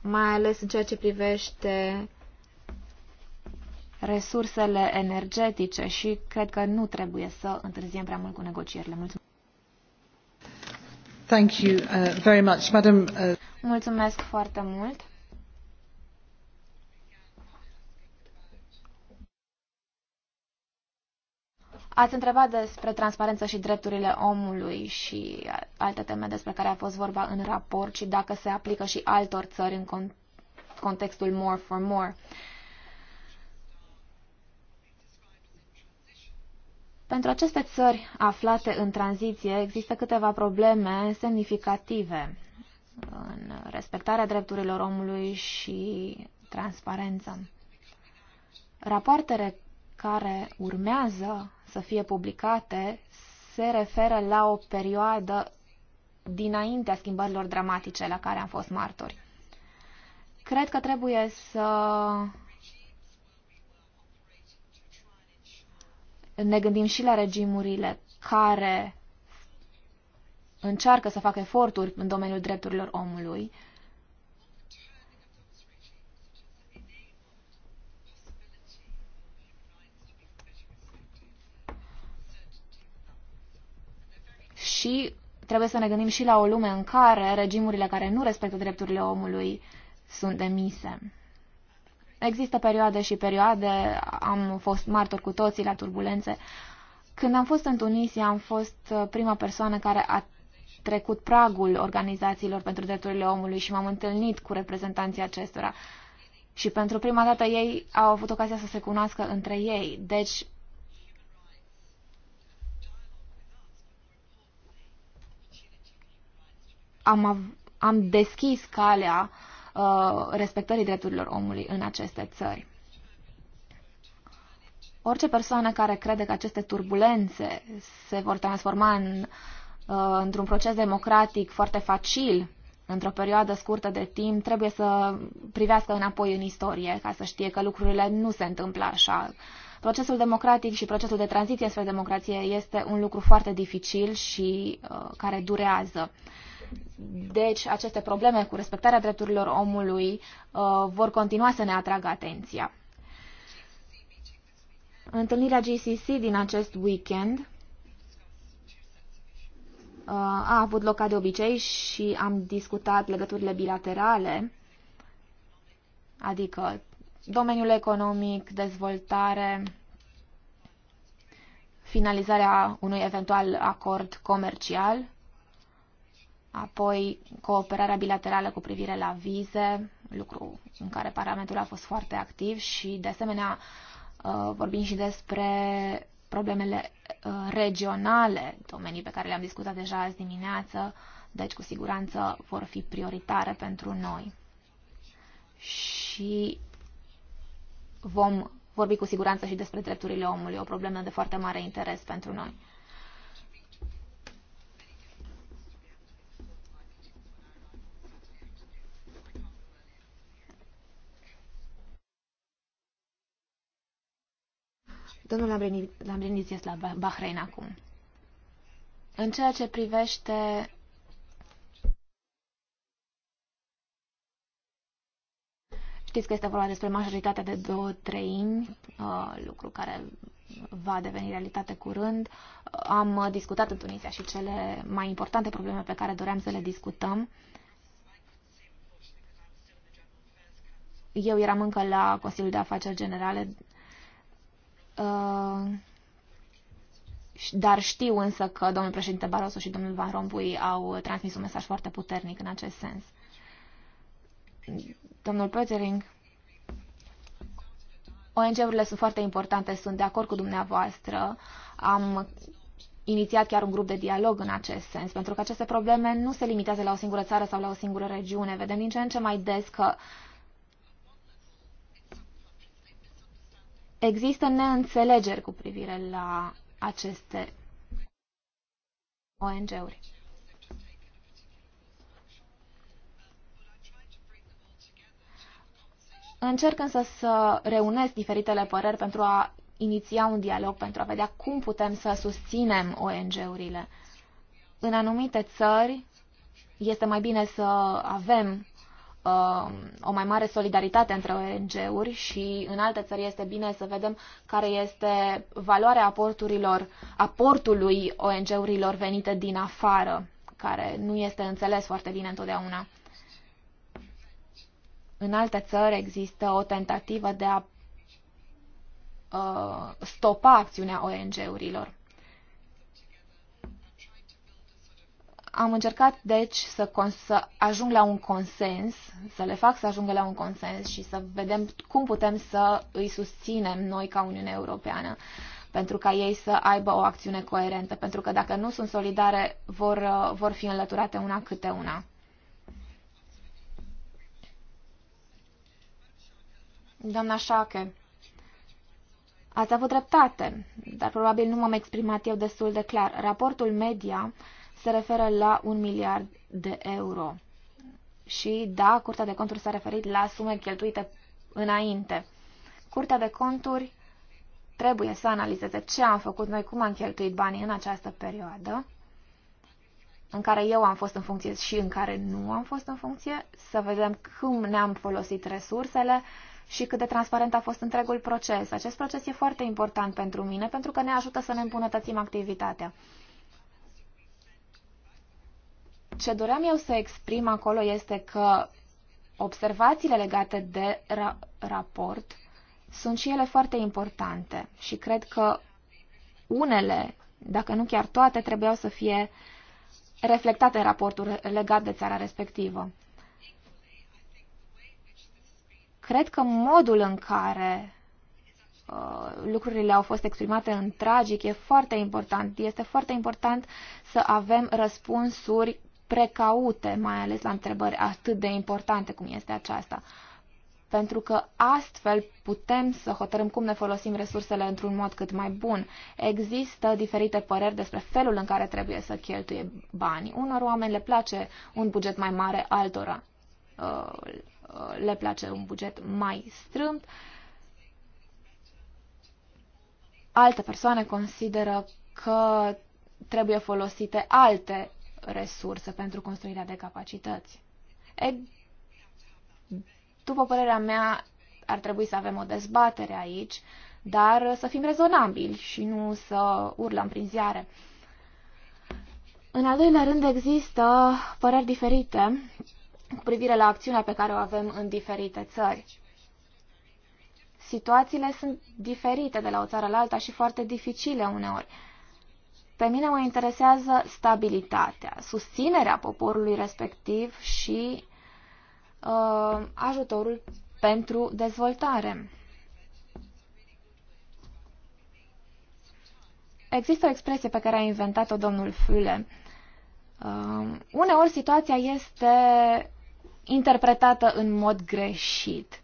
mai ales în ceea ce privește resursele energetice și cred că nu trebuie să întârziem prea mult cu negocierile. Mulțumesc! Thank you, uh, very much, Madam, uh... Mulțumesc foarte mult! Ați întrebat despre transparență și drepturile omului și alte teme despre care a fost vorba în raport și dacă se aplică și altor țări în con contextul more for more. Pentru aceste țări aflate în tranziție există câteva probleme semnificative în respectarea drepturilor omului și transparența. Rapoartele care urmează să fie publicate se referă la o perioadă dinaintea schimbărilor dramatice la care am fost martori. Cred că trebuie să ne gândim și la regimurile care încearcă să facă eforturi în domeniul drepturilor omului și trebuie să ne gândim și la o lume în care regimurile care nu respectă drepturile omului sunt demise. Există perioade și perioade, am fost martor cu toții la turbulențe. Când am fost în Tunisia, am fost uh, prima persoană care a trecut pragul organizațiilor pentru drepturile omului și m-am întâlnit cu reprezentanții acestora. Și pentru prima dată ei au avut ocazia să se cunoască între ei. Deci am, am deschis calea uh, respectării drepturilor omului în aceste țări. Orice persoană care crede că aceste turbulențe se vor transforma în, uh, într-un proces democratic foarte facil într-o perioadă scurtă de timp, trebuie să privească înapoi în istorie ca să știe că lucrurile nu se întâmplă așa. Procesul democratic și procesul de tranziție spre democrație este un lucru foarte dificil și uh, care durează. Uh, deci, aceste probleme cu respectarea drepturilor omului uh, vor continua să ne atragă atenția. Întâlnirea GCC din acest weekend uh, a avut loc ca de obicei și am discutat legăturile bilaterale, adică domeniul economic, dezvoltare, finalizarea unui eventual acord comercial apoi cooperarea bilaterală cu privire la vize, lucru în care Parlamentul a fost foarte activ și, de asemenea, uh, vorbim și despre problemele uh, regionale, domenii pe care le-am discutat deja azi dimineață, deci cu siguranță vor fi prioritare pentru noi. Și vom vorbi cu siguranță și despre drepturile omului, o problemă de foarte mare interes pentru noi. Domnul Lambriniț este la Bahrein acum. În ceea ce privește Știți că este vorba despre majoritatea de două treimi, uh, lucru care va deveni realitate curând. Uh, am uh, discutat în Tunisia și cele mai importante probleme pe care doream să le discutăm. Eu eram încă la Consiliul de Afaceri Generale Uh, dar știu însă că domnul președinte Barroso și domnul Van Rompuy au transmis un mesaj foarte puternic în acest sens. Domnul Pöttering, ONG-urile sunt foarte importante, sunt de acord cu dumneavoastră. Am inițiat chiar un grup de dialog în acest sens, pentru că aceste probleme nu se limitează la o singură țară sau la o singură regiune. Vedem din ce în ce mai des că uh, există neînțelegeri cu privire la aceste ONG-uri. Încerc însă să reunesc diferitele păreri pentru a iniția un dialog, pentru a vedea cum putem să susținem ONG-urile. În anumite țări este mai bine să avem Uh, o mai mare solidaritate între ONG-uri și în alte țări este bine să vedem care este valoarea aporturilor, aportului ONG-urilor venite din afară, care nu este înțeles foarte bine întotdeauna. În alte țări există o tentativă de a uh, stopa acțiunea ONG-urilor. Am încercat, deci, să, să ajung la un consens, să le fac să ajungă la un consens și să vedem cum putem să îi susținem noi ca Uniunea Europeană pentru ca ei să aibă o acțiune coerentă, pentru că dacă nu sunt solidare, vor, uh, vor fi înlăturate una câte una. Doamna Șache, ați avut dreptate, dar probabil nu m-am exprimat eu destul de clar. Raportul media se referă la un miliard de euro. Și da, Curtea de Conturi s-a referit la sume cheltuite înainte. Curtea de Conturi trebuie să analizeze ce am făcut noi, cum am cheltuit banii în această perioadă, în care eu am fost în funcție și în care nu am fost în funcție, să vedem cum ne-am folosit resursele și cât de transparent a fost întregul proces. Acest proces e foarte important pentru mine, pentru că ne ajută să ne îmbunătățim activitatea. Ce doream eu să exprim acolo este că observațiile legate de ra- raport sunt și ele foarte importante și cred că unele, dacă nu chiar toate, trebuiau să fie reflectate în raportul legat de țara respectivă. Cred că modul în care uh, lucrurile au fost exprimate în tragic, e foarte important. Este foarte important să avem răspunsuri precaute, mai ales la întrebări atât de importante cum este aceasta. Pentru că astfel putem să hotărâm cum ne folosim resursele într-un mod cât mai bun. Există diferite păreri despre felul în care trebuie să cheltuie banii. Unor oameni le place un buget mai mare, altora uh, le place un buget mai strâmt. Alte persoane consideră că trebuie folosite alte resursă pentru construirea de capacități. E, după părerea mea, ar trebui să avem o dezbatere aici, dar să fim rezonabili și nu să urlăm prin ziare. În al doilea rând, există păreri diferite cu privire la acțiunea pe care o avem în diferite țări. Situațiile sunt diferite de la o țară la alta și foarte dificile uneori. Uh, pe mine mă interesează stabilitatea, susținerea poporului respectiv și uh, ajutorul pentru dezvoltare. Există o expresie pe care a inventat-o domnul Füle. Uh, uneori situația este interpretată în mod greșit.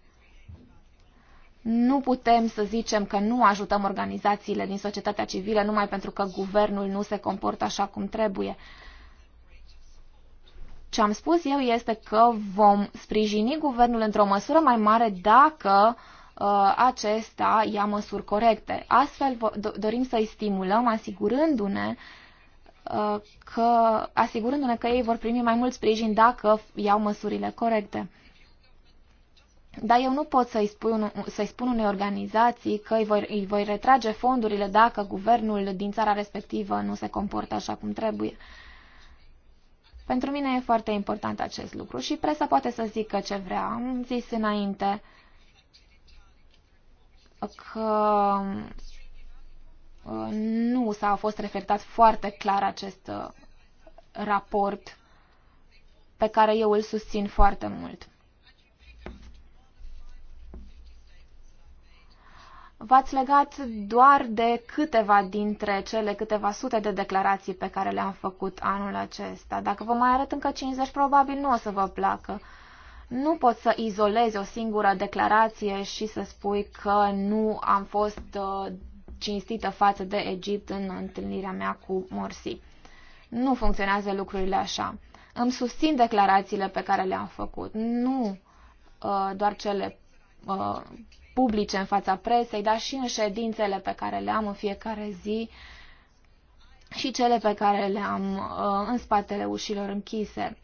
Nu putem să zicem că nu ajutăm organizațiile din societatea civilă numai pentru că guvernul nu se comportă așa cum trebuie. Ce am spus eu este că vom sprijini guvernul într-o măsură mai mare dacă uh, acesta ia măsuri corecte. Astfel do- dorim să-i stimulăm asigurându-ne uh, că asigurându-ne că ei vor primi mai mult sprijin dacă iau măsurile corecte. Dar eu nu pot să-i spun, să spun unei organizații că îi voi, îi voi retrage fondurile dacă guvernul din țara respectivă nu se comportă așa cum trebuie. Pentru mine e foarte important acest lucru și presa poate să zică ce vrea. Am zis înainte că uh, nu s-a fost reflectat foarte clar acest uh, raport pe care eu îl susțin foarte mult. V-ați legat doar de câteva dintre cele câteva sute de declarații pe care le-am făcut anul acesta. Dacă vă mai arăt încă 50, probabil nu o să vă placă. Nu pot să izolezi o singură declarație și să spui că nu am fost uh, cinstită față de Egipt în întâlnirea mea cu Morsi. Nu funcționează lucrurile așa. Îmi susțin declarațiile pe care le-am făcut, nu uh, doar cele uh, publice în fața presei, dar și în ședințele pe care le am în fiecare zi și cele pe care le am uh, în spatele ușilor închise.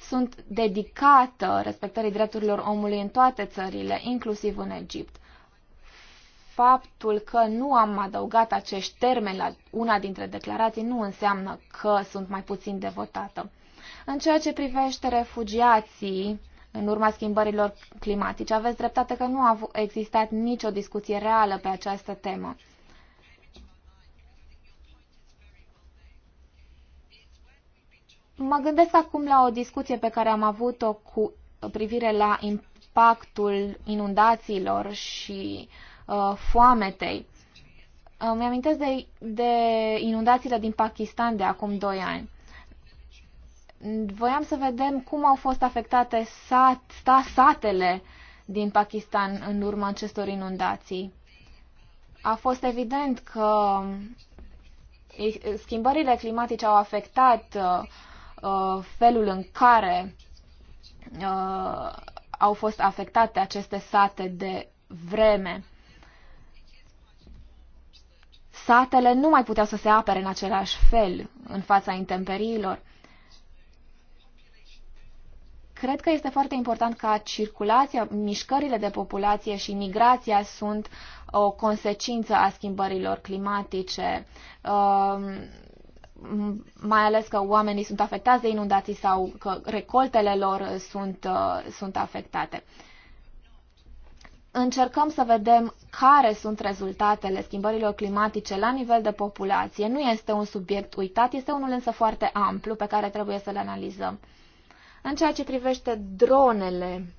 Sunt dedicată respectării drepturilor omului în toate țările, inclusiv în Egipt. Faptul că nu am adăugat acești termeni la una dintre declarații nu înseamnă că sunt mai puțin devotată. În ceea ce privește refugiații, în urma schimbărilor climatice. Aveți dreptate că nu a existat nicio discuție reală pe această temă. Mă gândesc acum la o discuție pe care am avut-o cu privire la impactul inundațiilor și uh, foametei. Îmi amintesc de, de inundațiile din Pakistan de acum 2 ani. Voiam să vedem cum au fost afectate sat, sta, satele din Pakistan în urma acestor inundații. A fost evident că schimbările climatice au afectat uh, uh, felul în care uh, au fost afectate aceste sate de vreme. Satele nu mai puteau să se apere în același fel în fața intemperiilor. Cred că este foarte important ca circulația, mișcările de populație și migrația sunt o consecință a schimbărilor climatice, um, mai ales că oamenii sunt afectați de inundații sau că recoltele lor sunt, uh, sunt afectate încercăm să vedem care sunt rezultatele schimbărilor climatice la nivel de populație. Nu este un subiect uitat, este unul însă foarte amplu pe care trebuie să-l analizăm. În ceea ce privește dronele,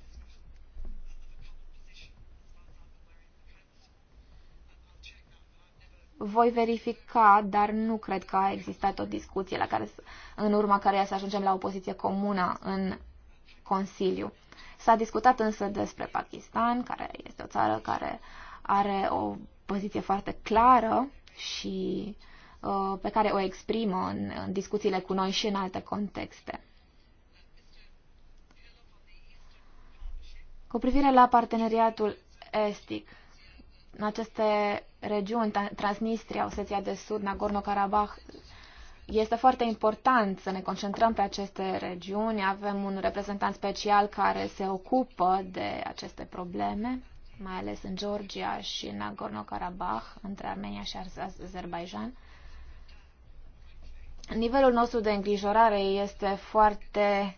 voi verifica, dar nu cred că a existat o discuție la care, în urma căreia să ajungem la o poziție comună în Consiliu. S-a discutat însă despre Pakistan, care este o țară care are o poziție foarte clară și uh, pe care o exprimă în, în discuțiile cu noi și în alte contexte. Cu privire la parteneriatul estic, în aceste regiuni, Transnistria, Osetia de Sud, Nagorno-Karabakh, este foarte important să ne concentrăm pe aceste regiuni. Avem un reprezentant special care se ocupă de aceste probleme, mai ales în Georgia și în Nagorno-Karabakh, între Armenia și Azerbaijan. Nivelul nostru de îngrijorare este foarte.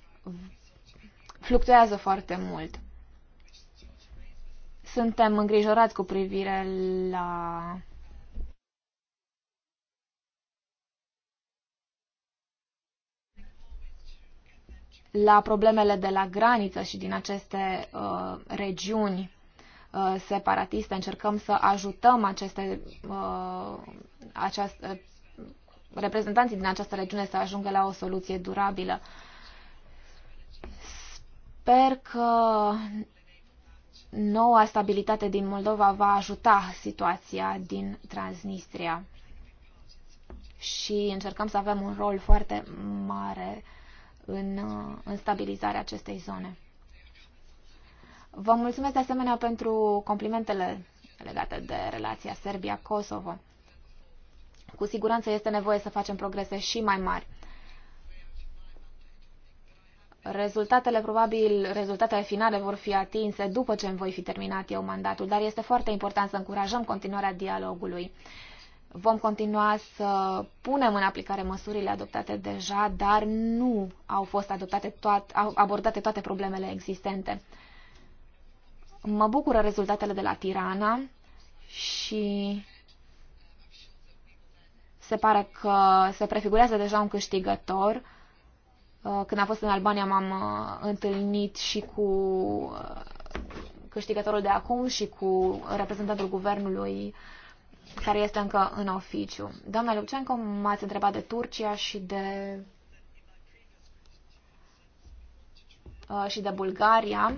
fluctuează foarte mult. Suntem îngrijorați cu privire la la problemele de la graniță și din aceste uh, regiuni uh, separatiste. Încercăm să ajutăm aceste, uh, această, uh, reprezentanții din această regiune să ajungă la o soluție durabilă. Sper că noua stabilitate din Moldova va ajuta situația din Transnistria și încercăm să avem un rol foarte mare în, în stabilizarea acestei zone. Vă mulțumesc de asemenea pentru complimentele legate de relația Serbia-Kosovo. Cu siguranță este nevoie să facem progrese și mai mari. Rezultatele, probabil, rezultatele finale vor fi atinse după ce îmi voi fi terminat eu mandatul, dar este foarte important să încurajăm continuarea dialogului. Vom continua să punem în aplicare măsurile adoptate deja, dar nu au fost adoptate toate, au abordate toate problemele existente. Mă bucură rezultatele de la Tirana și se pare că se prefigurează deja un câștigător Uh, când am fost în Albania m-am uh, întâlnit și cu uh, câștigătorul de acum și cu reprezentantul guvernului care este încă în oficiu. Doamna Lucenco, m-ați întrebat de Turcia și de și de Bulgaria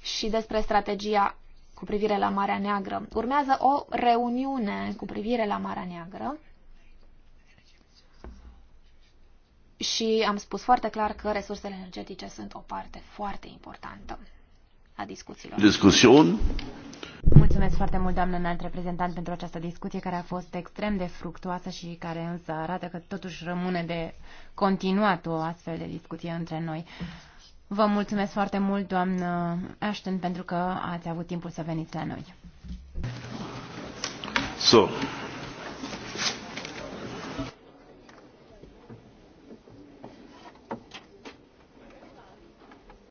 și despre strategia cu privire la Marea Neagră. Urmează o reuniune cu privire la Marea Neagră și am spus foarte clar că resursele energetice sunt o parte foarte importantă a discuțiilor. Discuțion. Mulțumesc foarte mult, doamnă înalt reprezentant, pentru această discuție care a fost extrem de fructuoasă și care însă arată că totuși rămâne de continuat o astfel de discuție între noi. Vă mulțumesc foarte mult, doamnă Ashton, pentru că ați avut timpul să veniți la noi. So.